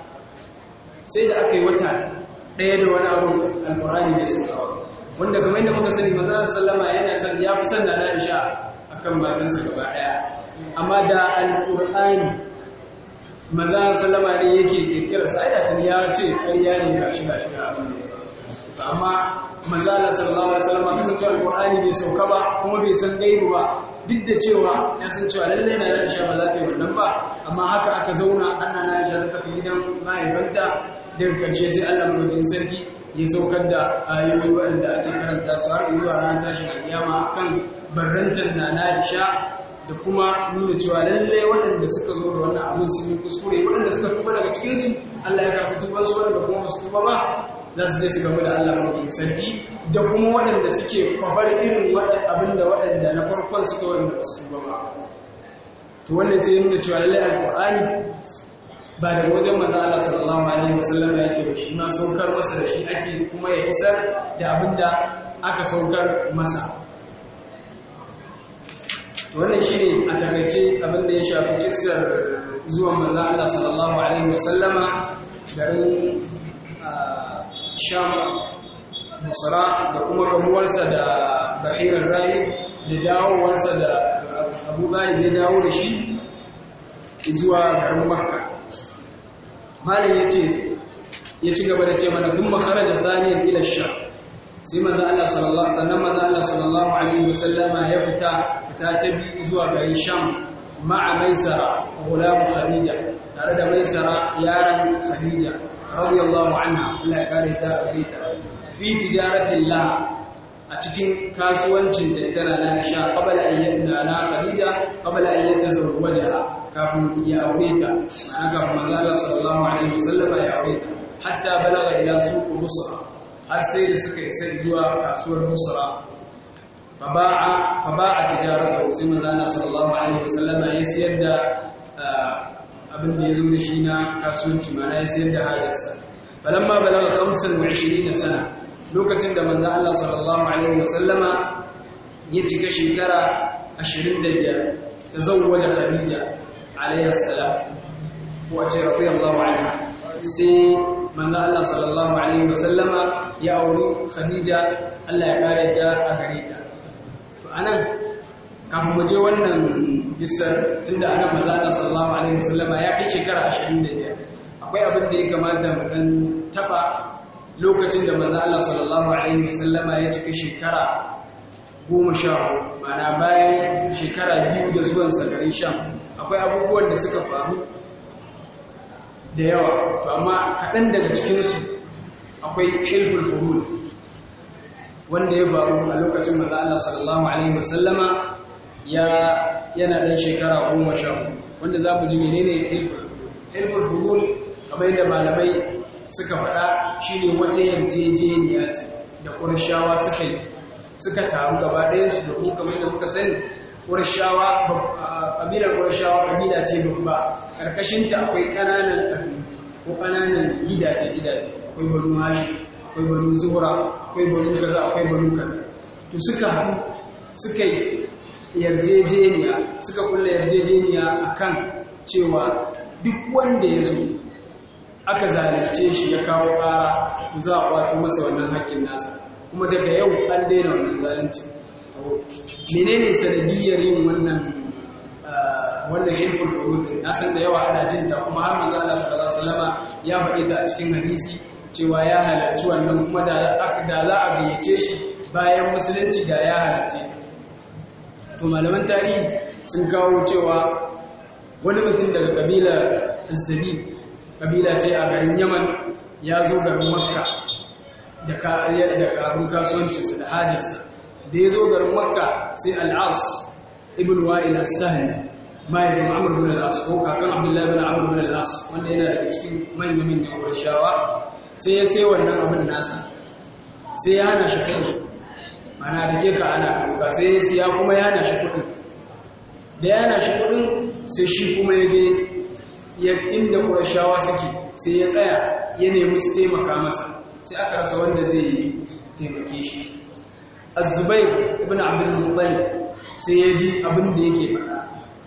sai da aka yi wata ɗaya da wani abu alƙur'ani sun kawo wanda kamar yadda muka sani manzo sallama yana san ya fi san da a akan matansa gaba ɗaya, amma da Alƙur'ani. manzan salama ne yake kirkira sa'ida tun ya ce ƙarya ne ga shi ga shi ga abin da amma manzan sallallahu alaihi wasallam cewa qur'ani bai sauka ba kuma bai san gaibu ba duk da cewa ya san cewa lallai na Aisha ba za ta yi wannan ba amma haka aka zauna ana na Aisha ta tafi gidan mahaifanta daga ƙarshe sai Allah mulkin sarki ya saukar da ayoyi waɗanda ake karanta su har zuwa ranar tashin alƙiyama akan barrantar na na Aisha da kuma nuna cewa lallai waɗanda suka zo da wannan abin sun yi kuskure waɗanda suka tuba daga cikinsu Allah ya karɓi tuban su waɗanda kuma ba su tuba ba za su je su gamu da Allah mafi sarki da kuma waɗanda suke kwabar irin abin da waɗanda na farkon suka waɗanda ba su tuba ba to wannan sai nuna cewa lallai alƙur'ani ba daga wajen manzo Allah sallallahu alaihi wasallam da yake ba shi na saukar masa da shi ake kuma ya isar da abin da aka saukar masa wannan shi ne a takaice abinda ya shafi kisar zuwan manzan Allah sallallahu Alaihi wasallama garin ah, musara da kuma gamuwarsa da bahirar rayu da dawowarsa da abu ya dawo da shi zuwa garin makka malin ya ce ya ci gaba da ce mana tun makarajar zaniyar ilar sai manzan Allah sallallahu Alaihi wasallama ya fita hatta ta biyu zuwa garin sham ma'a maisara gulamu khadija tare da maisara yaran khadija radiyallahu anha Allah ya kare ta gare ta fi tijaratin la a cikin kasuwancin da tana da Aisha qabla an yadna na Khadija qabla an yatazawwajaha kafin ya aure ta ma'aka manzo sallallahu alaihi wasallam ya aure ta hatta balaga ila suq Busra har sai da suka isa zuwa kasuwar musra faba'a faba'a tijarata sai manzo sallallahu alaihi wasallama ya siyar da abin da ya zo da shi na kasuwanci ma ya siyar da hajarsa falamma balagha 25 sana lokacin da manzo Allah sallallahu alaihi wasallama ya cika shekara 25 tazawwaja Khadija alaiha salam wace radiyallahu anha sai manzo Allah sallallahu alaihi wasallama ya auri Khadija Allah ya kare ta a gare ta anan kafin waje wannan bisar tunda ana sallama sallallahu alaihi sallama ya kai shekara 25 akwai abin da ya kamata mutan taba lokacin da maza Allah sallallahu alaihi wasallama ya cika shekara 10 mana bayan shekara biyu da zuwan sa garin Sham akwai abubuwan da suka faru da yawa amma kaɗan daga cikinsu akwai hilful furud wanda ya faru a lokacin maza Allah sallallahu alaihi wasallama ya yana ɗan shekara goma sha wanda za mu ji menene ilmul hulul kamar yadda malamai suka faɗa shi ne wata yarjejeniya ce da ƙurshawa suka yi suka taru gaba ɗayan su domin kamar da kuka sani ƙurshawa ƙabilar ƙurshawa ƙabila ce babba ƙarƙashinta akwai ƙananan ƙabilu ko ƙananan gidaje gidaje akwai banu hashi akwai banu zuhura akwai banu kaza akwai banu kaza to suka haɗu suka yi yarjejeniya suka kulle yarjejeniya akan cewa duk wanda ya zo aka zalice shi ya kawo ƙara za a wato masa wannan haƙƙin nasa kuma daga yau an daina wannan zalunci menene sanadiyar yin wannan ah, wannan hilful na san da yawa ana jinta kuma har manzo Allah sallallahu alaihi wasallama ya faɗi ta a cikin hadisi cewa ya halarci wannan kuma da za a gayyace shi bayan musulunci da ya halarci to malaman tarihi sun kawo cewa wani mutum daga kabila zabi kabila ce a garin yaman ya zo garin makka da karun kasuwancinsa da hadisa da ya zo garin makka sai al'as ibn wa'il as-sahli mahaifin amur bin al'as ko kakan abdullahi bin amur bin al'as wanda yana daga cikin manyan manyan shawa. sai ya sai wannan abin nasa sai ya hana shi kudi mana da ke ka ana ka sai ya siya kuma ya hana shi kudi da ya hana shi kuɗin sai shi kuma ya je inda shawa suke sai ya tsaya ya nemi su taimaka masa sai aka rasa wanda zai yi taimake shi azubai ibn abin muttalib sai ya ji abin da yake faɗa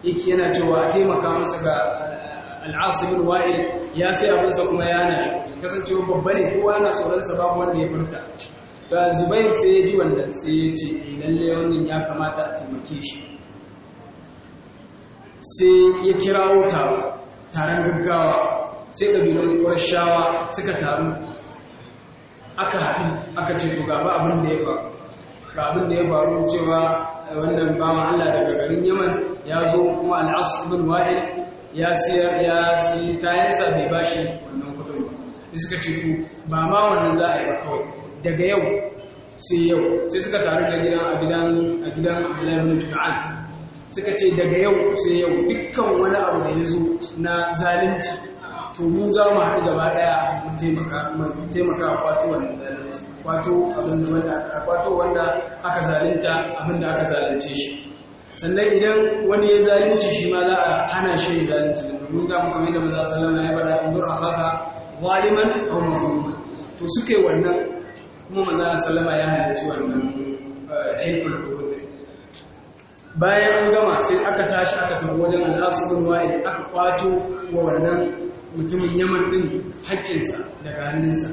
yake yana cewa a taimaka masa ga eh, al'asibin wa'il ya sai abinsa kuma ya hana shi kasancewa babba ne kowa na tsoronsa babu wanda ya furta ta zubai sai ya ji wannan sai ya ce eh lalle wannan ya kamata a taimake shi sai ya kirawo taro taron gaggawa sai ƙabilun ƙwarshawa suka taru aka haɗu aka ce to gaba abin da ya faru ga abin da ya faru cewa eh, wannan ba Allah daga garin Yaman ya zo kuma al'as bin wa'il ya siyar ya si kayansa bai bashi wannan sai suka ce to ba ma wannan za a yi ba kawai daga yau sai yau sai suka taru da gidan a gidan a gidan Juma'an suka ce daga yau sai yau dukkan wani abu da ya zo na zalunci to mu za mu haɗu gaba ɗaya mu taimaka a kwato wannan zalunci kwato abin wanda kwato wanda aka zalunta abin da aka zalunce shi sannan idan wani ya zalunci shi ma za a hana shi zalunci domin ga mu kamar da maza sallama ya faɗa in dora haka waliman a mazluman to suke wannan kuma manzo salama ya halarci wannan eh, haifar hukunci bayan an gama sai aka tashi aka tafi wajen al'asibin wa'id aka kwato wa wannan mutumin yaman ɗin haƙƙinsa daga hannunsa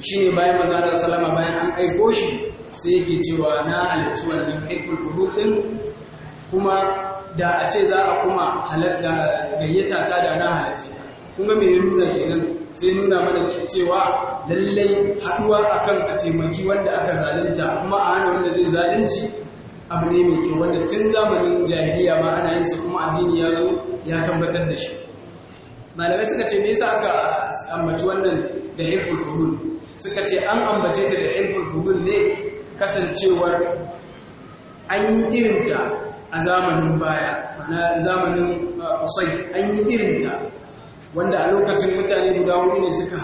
shi ne bayan manzo salama bayan an aiko shi sai yake cewa na halarci wannan haifar hukunci kuma da a ce za a kuma gayyata ta da na halarci ta Kuma mai nuna kenan sai nuna mana cewa lallai haɗuwa akan a taimaki wanda aka zalunta kuma a hana wanda zai zalunci abu ne mai kyau wanda tun zamanin jahiliya ma ana yin su kuma addini ya zo ya tabbatar da shi malamai suka ce me yasa aka ambaci wannan da hirful hudud suka ce an ambace ta da hirful hudud ne kasancewar an yi irinta a zamanin baya mana zamanin uh, usai an yi irinta wanda a lokacin mutane guda wuri ne suka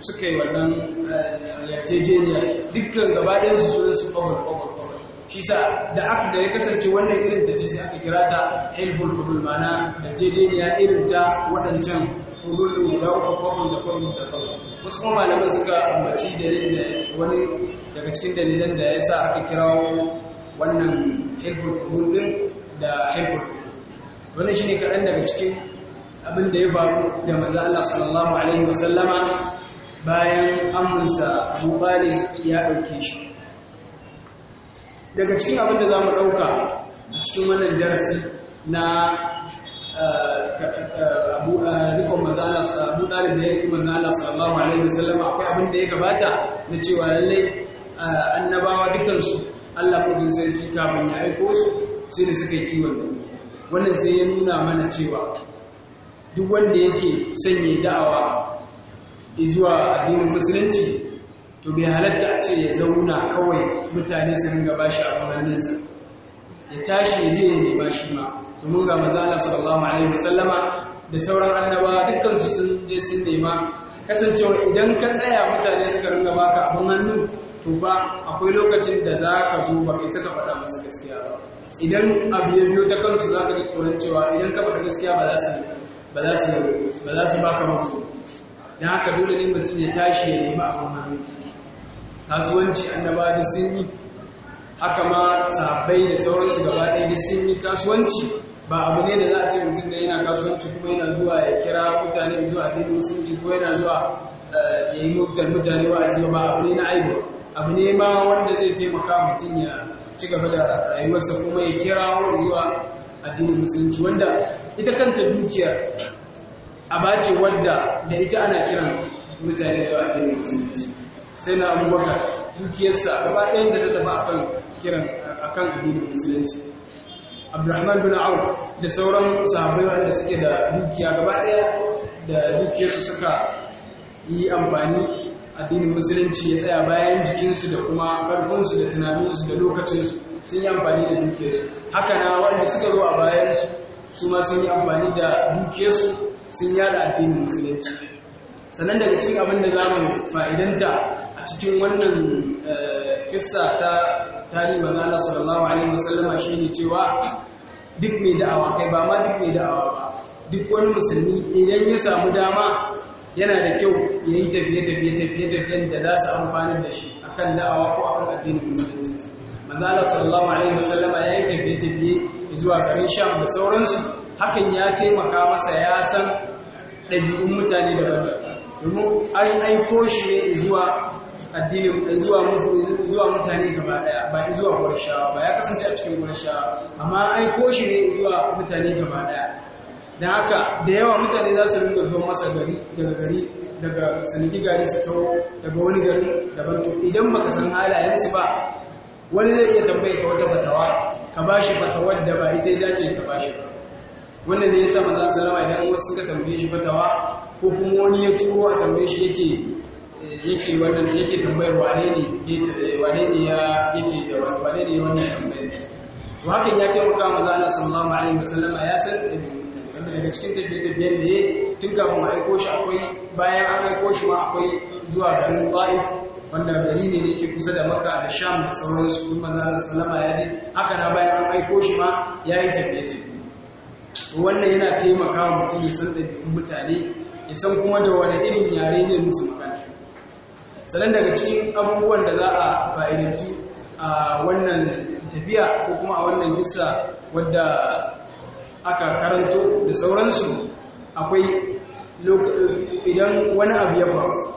suka yi wannan eh, yarjejeniya dukkan gaba ɗayan su sunan su kawar kawar kawar shi sa da aka da ya kasance wannan irin ta ce sai aka kira ta helpful fudul mana yarjejeniya irin ta waɗancan fudul guda uku kawar da kawar da kawar wasu kuma malaman suka ambaci dalilin da wani daga cikin dalilan da ya sa aka kirawo wannan helpful fudul din da helpful fudul wannan shi ne kaɗan daga cikin abin da ya faru da maza Allah sallallahu alaihi wasallama bayan amsa bubari ya ɗauke shi daga cikin abin da mu ɗauka a cikin wannan darasi na eh, eh, Rikon manzo Allah da ya yi sallallahu alaihi wasallama akwai abin da ya gabata na cewa lallai eh, annabawa dukansu Allah kudin sarki kafin ya aiko su sai da suka yi kiwon wannan sai ya nuna mana cewa duk wanda yake sanye da'awa zuwa addinin musulunci to bai halatta a ce ya zauna kawai mutane su ringa bashi a gudaninsa ya tashi ya je ya nema shi ma domin ga mazana sallallahu alaihi wasallama da sauran annaba dukansu sun je sun nema kasancewa idan ka tsaya mutane suka ringa baka abin hannu to ba akwai lokacin da za ka zo ba kai suka faɗa musu gaskiya ba idan abu ya biyo ta kansu za ka ji tsoron cewa idan ka faɗa gaskiya ba za su nemi ba za su baka mafi don haka dole ne mutum ya tashi ya nemi abin hannu kasuwanci annaba da sun yi haka ma sahabbai da sauransu gaba ɗaya da sun yi kasuwanci ba abu ne da za a ce mutum da yana kasuwanci kuma yana zuwa ya kira mutane zuwa dinin sun ji ko yana zuwa eh, ya yi mutan mutane wa'azi ba abu ne na aibu abu ne ma wanda zai taimaka mutum ya ci gaba da rayuwarsa kuma ya kira zuwa addinin musulunci wanda ita kanta dukiyar abace wadda da ita ana kiran mutane da addinin musulunci sai na abubakar dukiyarsa gaba ɗayan da ta tafi kan kiran akan addinin musulunci Abdurahman bin Awu da sauran sahabbai wanda suke da dukiya gaba ɗaya da dukiyarsu suka yi amfani addinin musulunci ya tsaya bayan jikinsu da kuma ƙarfinsu da tunaninsu da lokacinsu sun yi amfani da dukiyarsu haka na waɗanda suka zo a bayansu su ma sun yi amfani da dukiyarsu sun yada addinin musulunci sannan daga cikin abin da za mu fa'idanta a cikin wannan eh, kissa ta tarihi manzo Allah sallallahu alaihi shi shine cewa duk mai da'awa kai ba ma duk mai da'awa ba duk wani musulmi idan ya samu dama yana da kyau ya yi tafiye-tafiye tafiye-tafiyen da za su amfanar da shi akan da'awa ko akan addinin musulunci manzala sallallahu alaihi wasallama ya yi tafiye-tafiye zuwa garin sham da sauransu hakan ya taimaka masa ya san ɗabi'un mutane daban domin an aiko shi ne zuwa addinin zuwa mutane gaba daya ba zuwa ƙwarshawa ba ya kasance a cikin ƙwarshawa amma aiko shi ne zuwa mutane gaba daya da haka da yawa mutane za su rinka zuwa masa gari daga gari daga sanigi gari su to daga wani gari daban to idan baka san su ba wani zai iya tambaye ka wata fatawa ka ba shi fatawa da ba ita ya dace ka ba shi ba wannan ne yasa manzon sallama idan wasu suka tambaye shi fatawa ko kuma wani ya turo a tambaye shi yake eh, yake wannan yake tambayar wane ne eh, eh, wane ne ya yake wane ne wannan tambayar to hakan ya taimaka manzo Allah sallallahu alaihi wasallama ya san wanda daga cikin tafiye-tafiyen da ya tun kafin a aiko shi akwai bayan an aiko shi ma akwai zuwa garin Ta'if wanda gari ne yake kusa da maka da sham da sauransu kuma manzan salama ya ji haka na bayan an aiko shi ma ya yi tafiye-tafiye wannan yana taimaka wa mutum ya san ɗabi'un mutane ya san kuma da wani irin yare ne musu magana sannan daga cikin abubuwan da za a fa'idantu a wannan tafiya ko kuma a wannan bisa wadda aka karanto da sauransu akwai idan wani abu ya faru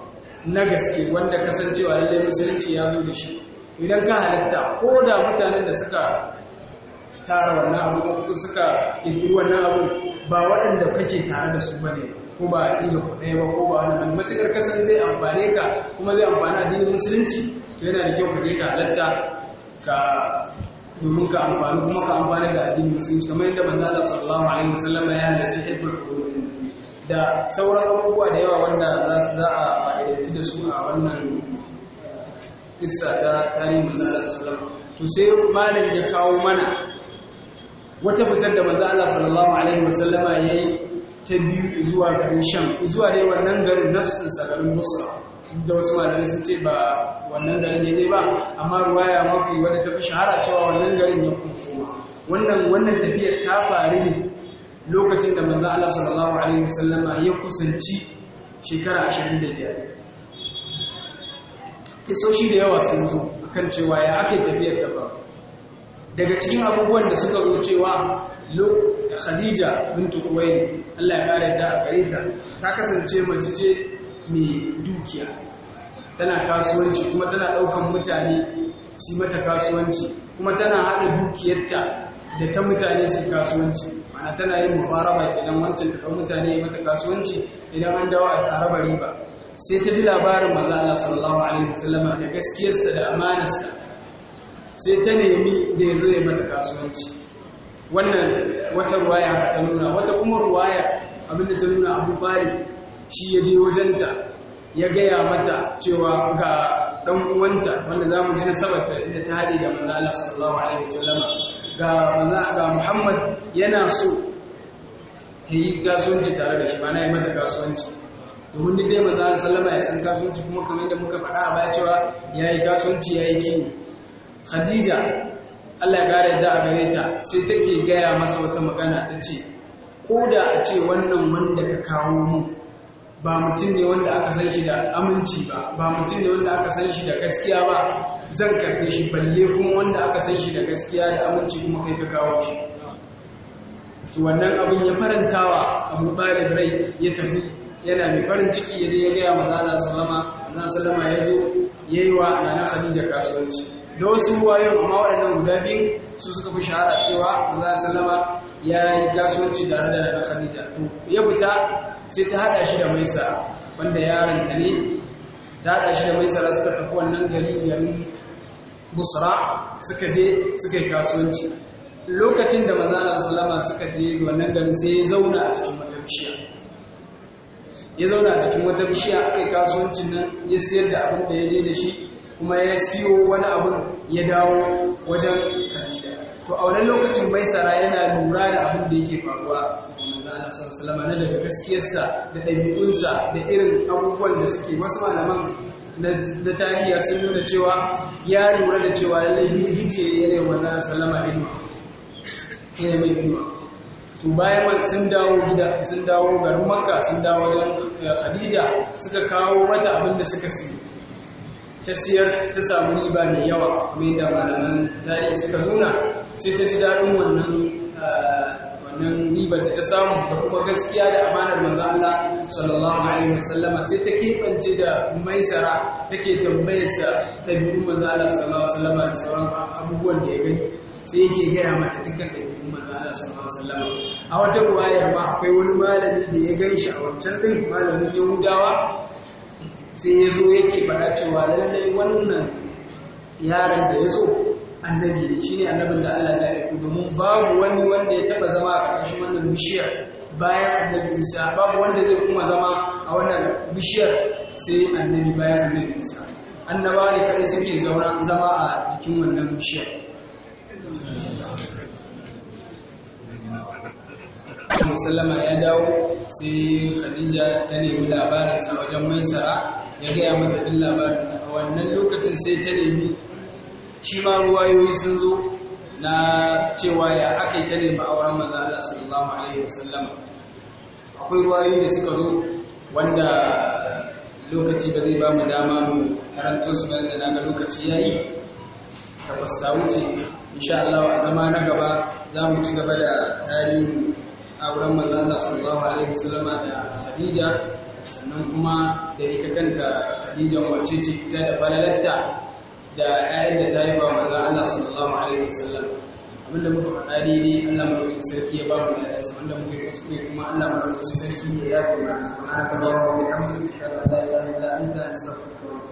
na gaske wanda kasancewa lallai musulunci ya zo da shi idan ka halitta ko da mutanen da suka tara wannan abu ko suka kirkiri wannan abu ba waɗanda kake tare da su ba ne ko ba addini ko ɗaya ba ko ba wani abu matuƙar kasan zai amfane ka kuma zai amfani addinin musulunci to yana da kyau ka je ka halatta ka domin ka amfani kuma ka amfani da addinin musulunci kamar yadda manzo Allah sallallahu alaihi wasallam ya halarci ilmul da sauran abubuwa da yawa wanda za su za a fa'idanci da su a wannan eh, kissa ta tarihin manzala sallallahu to sai malam ya kawo mana wata fitar da manzo Allah sallallahu alaihi wasallama yayi ta biyu zuwa garin Sham zuwa dai wannan garin nafsin sa garin Musa da wasu malamai sun ce ba wannan garin ne ba amma ruwaya mafi wadda ta fi shahara cewa wannan garin ya kunfuma wannan wannan tafiyar ta faru ne lokacin da manzo Allah sallallahu alaihi wasallama ya kusanci shekara 25 kisoshi da yawa sun zo kan cewa ya ake tafiyar ta ba daga cikin abubuwan da suka zo cewa lo khadija bintu kuwaini Allah ya kare da a gare ta ta kasance mace ce mai dukiya tana kasuwanci kuma tana daukan mutane su mata kasuwanci kuma tana hada dukiyarta da ta mutane su kasuwanci ma'ana tana yin mubaraba kenan wancan da mutane mata kasuwanci idan an dawo a raba riba sai ta ji labarin manzo Allah sallallahu alaihi wasallama da gaskiyarsa da amanarsa sai ta nemi da ya zo ya mata kasuwanci wannan wata ruwaya ta nuna wata kuma ruwaya abinda ta nuna Abu Bari shi ya je wajenta ya gaya mata cewa ga dan uwanta wanda za mu ji sabata inda ta haɗe da manzo Allah sallallahu alaihi wasallama ga manzo ga Muhammad yana so ta yi kasuwanci tare da shi na yi mata kasuwanci domin da dai maza sallama ya san kasuwanci kuma kamar yadda muka faɗa a baya cewa ya yi kasuwanci ya yi kiwo khadija Allah ya gara yadda a gare ta sai take gaya masa wata magana ta ce ko da a ce wannan wanda ka kawo mu ba mutum ne wanda aka san shi da aminci ba ba mutum ne wanda aka san shi da gaskiya ba zan karɓe shi balle kuma wanda aka san shi da gaskiya da aminci kuma kai ka kawo shi wannan abin ya faranta wa abu ɗalib rai ya tafi yana mai farin ciki ya je ya gaya maza Allah sallama maza salama ya zo ya yi wa nana Khadija kasuwanci da wasu wayan amma waɗannan guda biyu su suka fi shahara cewa maza salama ya yi kasuwanci da tare da Khadija to ya fita sai ta hada shi da Maisa wanda yaron ta ne ta hada shi da Maisa suka tafi wannan gari garin Busra suka je suka yi kasuwanci lokacin da maza sallama suka je wannan garin sai ya zauna a cikin wata ya zauna a cikin wata bishiya aka yi kasuwancin nan ya siyar da abin da ya je da shi kuma ya siyo wani abin ya dawo wajen khadija to a wannan lokacin maisara yana lura da abin da yake faruwa manzo Allah daga gaskiyarsa da ɗabi'unsa da irin abubuwan da suke wasu malaman na tarihi sun nuna cewa ya lura da cewa lallai gidi ce yana wannan sallama ilma yana mai to bayan sun dawo gida sun dawo garin makka sun dawo don eh, khadija suka kawo mata abin da suka siyo ta siyar ta samu riba mai yawa mai da malaman tarihi suka nuna sai ta ji daɗin wannan eh, wannan riba da ta samu da kuma gaskiya da amanar manzo Allah sallallahu alaihi wasallama sai ta kebance da maisara take tambayarsa ɗabi'un manzo Allah sallallahu alaihi wasallama da sauran abubuwan da ya gani sai yake gaya mata dukkan ɗabi'un manzo Allah sallallahu alaihi wasallam a wata ruwayar ma akwai wani malami da ya ganshi a wancan din malamin Yahudawa sai ya zo yake faɗa cewa lallai wannan yaran da ya zo annabi ne shine annabin da Allah ta aiko domin babu wani wanda ya taba zama a ƙarƙashin wannan bishiyar bayan annabi Isa babu wanda zai kuma zama a wannan bishiyar sai annabi bayan annabi Isa annabawa ne kaɗai suke zama a jikin wannan bishiyar alaihi wasallama ya dawo sai khadija ta nemi labarin sa wajen maisara ya gaya mata din ta a wannan lokacin sai ta nemi shi ma ruwayoyi sun zo na cewa ya aka yi ta nemi auren maza Allah sallallahu alaihi wasallama akwai ruwayoyi da suka zo wanda lokaci ba zai ba mu dama mu karanto su da na ga lokaci yayi tabbas ta wuce insha Allah a zama na gaba za mu ci gaba da tarihi. auren maza Allah sallallahu alaihi wasallama da Khadija sannan kuma da ita kanta Khadija wacce ce ta da falalatta da ayyar da ta yi ba manzan Allah sallallahu alaihi wasallam abinda muka faɗa ne Allah madaukakin sarki ya ba mu da ɗansa wanda muka yi kuskure kuma Allah madaukakin sarki ya yafe mana subhanaka allahumma wa bihamdika ashhadu an la ilaha illa anta astaghfiruka